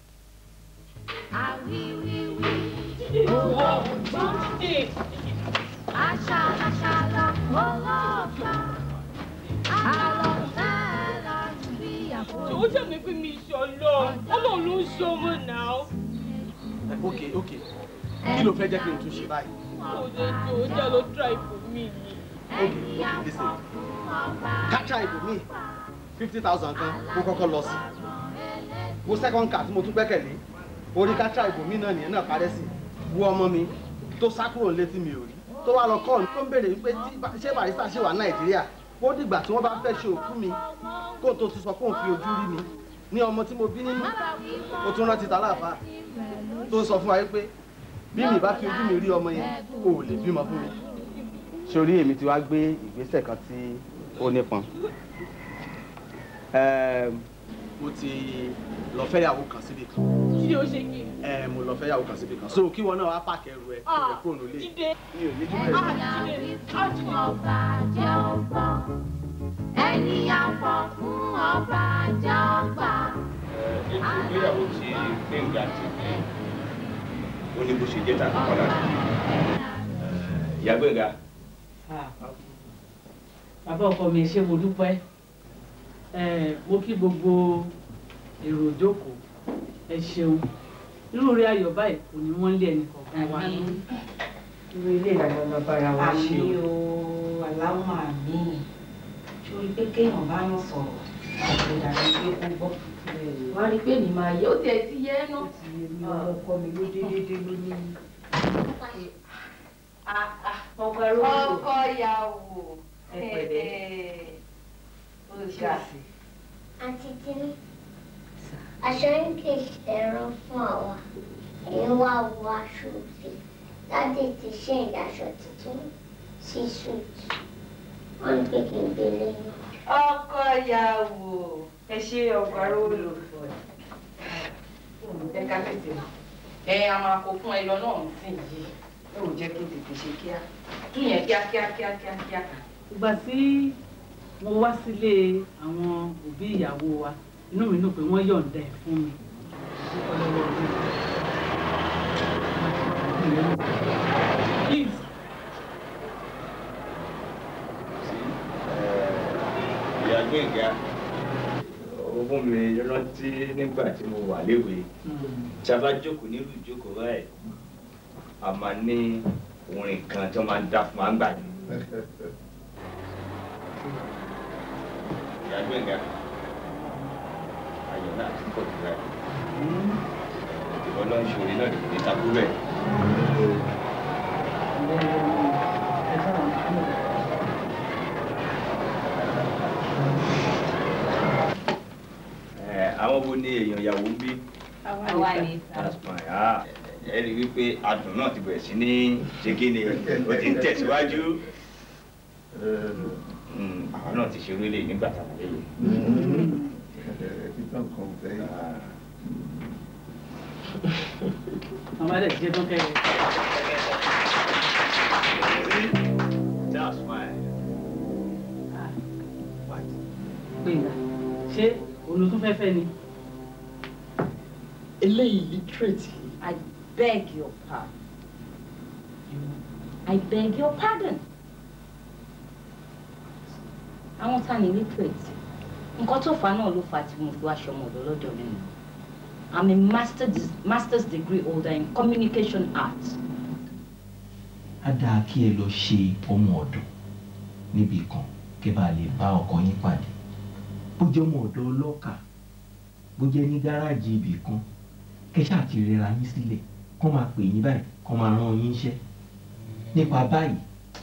àwíwíwí owó gbọ́ǹdè. aṣàlàṣàlà owó ọ̀gbọ́n àlọ́ sẹ́lọ̀ sí àpò. ó jẹ́ mi pé mi sọ lọ ọlọ́run ń ṣọwọ́ náà. fifty thousand kan kó kọ́kọ́ lọ sí mo second card mo tún gbẹ́kẹ̀lé orí kájà ìbò mi náà nìyẹn náà parẹ́ sí i bu ọmọ mi tó sá kúrò létí mi ò rí tó wá lọ kọ́ ọ̀nù tó ń béèrè pé ṣé barista ṣì wà nàìjíríà ó dìgbà tí wọ́n bá fẹ́ ṣe òkú mi kó tó ti sọ kó n fi ojú rí mi ní ọmọ tí mo bí nínú ó tún rántí tàlàfà tó sọ fún wa pé bí mi bá fi ojú mi rí ọmọ yẹn kò lè bímọ fún mi. sórí èmi ti wá gbé ìgbésẹ̀ kan tí ó nípọn mo ti lọ fẹ́yàwó kan síbi kan. kí ni ó ṣe kí ẹ eh, mo lọ fẹ́ yàwó kan síbi kan so kí wọn náà wá pàkẹ́ ẹrù ẹ kúrò kúrò nílé ah, mi ò afọ ah, fún ọba jẹ́ ọgbà. Eh, ìgbéyàwó tí gbẹ̀ngà ti fi ó ní bó ṣe jẹ́ tàbí kọ́lá eh, ìyá gbẹ̀ngà. Ah, bàbá ọkọ mi ṣé mo dúpẹ́ mo kí gbogbo èrò ìjókòó ẹ ṣeun irú rẹ ayọ̀ báyìí kò ní wọ́n lé ẹnì kọ̀ọ̀kan wa ní. irú ilé ìlànà ọmọ bára wa ṣe o. àmì o aláwọ̀ àmì sórí pé kéèyàn bá yàn sọ̀rọ̀ àti ìdàgbé pé kó gbọ́. wá rí pé mi máa yẹ ó tiẹ̀ ti yẹ ẹ́ náà. ó ti yẹ mi ọkọ mi ló dédédé ló ní. Ah, ah, ọkọ ìyàwó ẹ̀ẹ́dẹ̀ẹ́ ó ga. àǹtí kìíní. A kì í ṣẹ̀rọ fún àwa ẹ̀yin wá wọ aṣọ òfì láti ti ṣe ìdáṣọ tuntun sí ṣùtù wọ́n ń pè kí n gbé lẹ́yìn. ọkọ ìyàwó ẹ ṣe ọkọ aró lò fún ẹ ká tètè ẹ a máa kó fún ẹ lọ náà sí yìí ẹ ò jẹ́ kí n tètè ṣe kíá tún yẹn kíá kíá kíá kíá kíá. ìgbà tí mo wá sílé àwọn òbí ìyàwó wa inú mi dùn pé wọ́n yọ̀ǹda ẹ̀ fún mi. Please. ìyá gbẹ̀ngà ogún mi rántí nígbà tí mo wà léwe hmm. tí a bá jókòó nílùú ìjókòó báyìí a máa ní orin kan tó máa ń dá fún wa gbà [laughs] ìyá gbẹ̀ngà ayọ̀ náà ti pọ̀ jù láì ìwọ náà ṣòrí náà lè fi takú ni èèyàn ìyàwó ń bí. ni sá ẹ rí i wípé adùn náà ti bẹ̀rẹ̀ sí ní ṣe kí ni o ti ń tẹ̀síwájú hmm, àwọn náà ti ṣe orílẹ̀ nígbà táwọn lè Euh, ah, títàn kan fẹ́ yìí. Màmá rẹ̀ ti jẹ́ tó kẹ́yìn. Gbẹ̀ngà, ṣé ni? Eléyìí literate. I beg your pardon. I beg your pardon. Àwọn ta ni literate? nǹkan tó fà náà ló fà tí mo lo aṣọ ọmọdé lọ́dọ̀ mi nù i'm a master's, master's degree holder in communication arts. a dáa kí ẹ lọ ṣe ọmọ ọ̀dọ̀ níbi kan kí ẹ bá lè bá ọkọ yín pàdé bó jẹ́ ọmọ ọ̀dọ̀ ọlọ́kà bó jẹ́ ní gáràjì ibì kan kẹ́ ṣáà ti rẹra yín sílẹ̀ kọ́ máa pè yín báyìí kọ́ máa rán yín iṣẹ́ nípa báyìí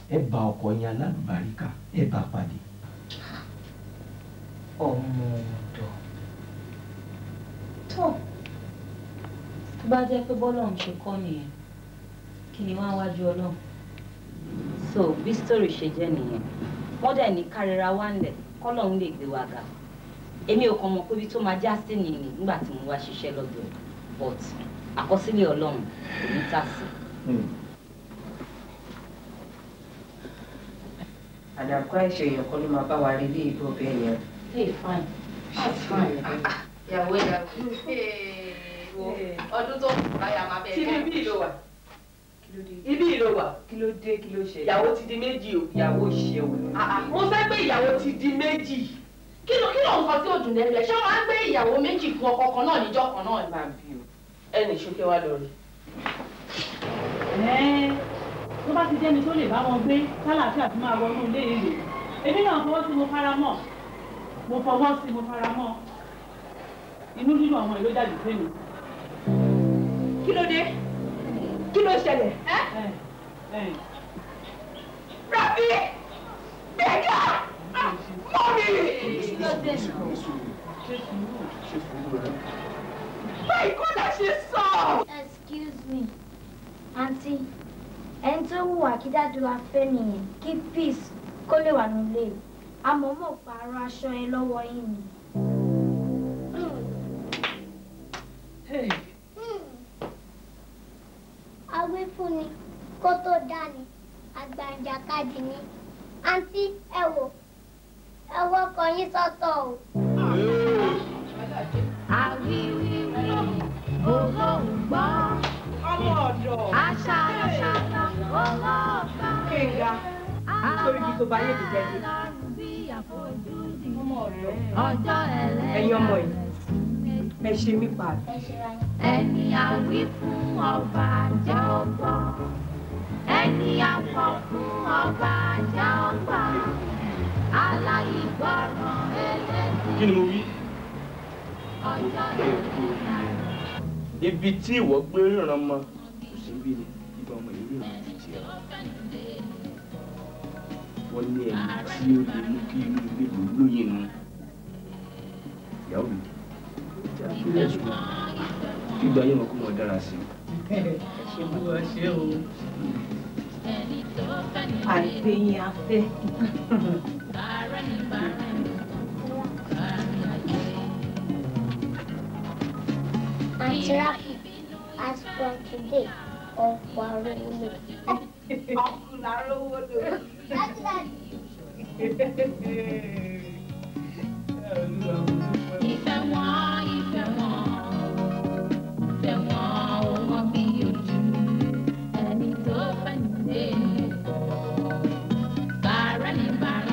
ẹ bá ọkọ yín alálùbáríkà ẹ bá pàdé ọmọ ọ̀dọ̀ tó tó bá jẹ́ pé bọ́lọ́run ṣe kọ́ nìyẹn kí ni wọ́n wájú ọlọ́run so bí story ṣe jẹ́ nìyẹn wọ́n dẹ̀ ní kárẹ́ra wá ńlẹ̀ lè gbé wa ga èmi ò kàn mọ̀ pé ibi tó máa já sí nìyẹn nígbà tí mo wá ṣiṣẹ́ lọ́dọ̀ but àkọsílẹ̀ ọlọ́run kò ní tà sí. Hmm. àdàkọ àìṣe èèyàn kan ló máa bá wa rí bí ìlú ọbẹ̀ yẹn. Hey, fine. That's fine. Ìyàwó ìyàwó. Ọdún tó kù báyà máa bẹ̀rẹ̀. Kí ni bí ìlò wà? Ibi ìlò wà. Kí ló dé kí ló ṣe? Ìyàwó ti di méjì o. Ìyàwó ṣe o. Ah, ah. Mo fẹ́ pé ìyàwó ti di méjì. Kí ló kí ló ń sọ tí ò dùn lẹ́nu ẹ̀? Ṣé wàá gbé ìyàwó méjì fún ọkọ kan náà níjọ́ kan náà? Máa bí o. Ẹnì ṣókè wá lọ rí. Ẹ̀ẹ́n tó bá ti jẹ́ni tó lè bá wọn gbé, kálàáfíà tó máa wọnú ilé ìlú. Èmi náà fọwọ́ sí mo fara mọ́ mo fọwọ́ sí mo fara mọ́ inú lílo àwọn ìlú jáde fẹ́ mi. kí ló dé kí ló ṣẹlẹ̀ ẹ́. rabi gbẹ̀gà mọ́mí. báyìí kò lọ ṣe sọ. excuse me aunty ẹni tó wù wá kí dájú wa fẹ́ nìyẹn kí peace kó lè wà nílé àmọ́ mo pààrọ̀ aṣọ ẹ lọ́wọ́ yín ni. awífúnni kó tó dání àgbàǹjàkadì ni àǹtí ẹ wò ẹ wọkọ yín sọ́tọ̀ o. àwíwíwí olóhùn gbọ́ ọmọ ọ̀dọ̀ àṣà àṣà ọlọ́ọ̀ká. nítorí ibi tó bá yé mi jẹ́ ọjọ́ ẹlẹ́yà ẹ̀yin ọmọ yìí ẹ ṣe mí pa. ẹni àwí fún ọba jẹ́ ọgbà ẹni àpọ̀ fún ọba jẹ́ ọgbà aláìgbọràn ẹlẹ́sìn. kí ni mo wí. ọjọ́ ẹlẹ́yà. ibi tí ìwọ gbé ríran mọ kò sí ni. wọ́n ní ẹni tí ó lè mú kí inú ilé ló lóye nu ìyàwó mi ti àṣírí ẹ̀sùn gbígbà yẹn wọn kó wọn dára sí i. ṣùgbọ́n afẹ́. Auntie Rafi, as from today, all for a Uncle Arrow if I want you.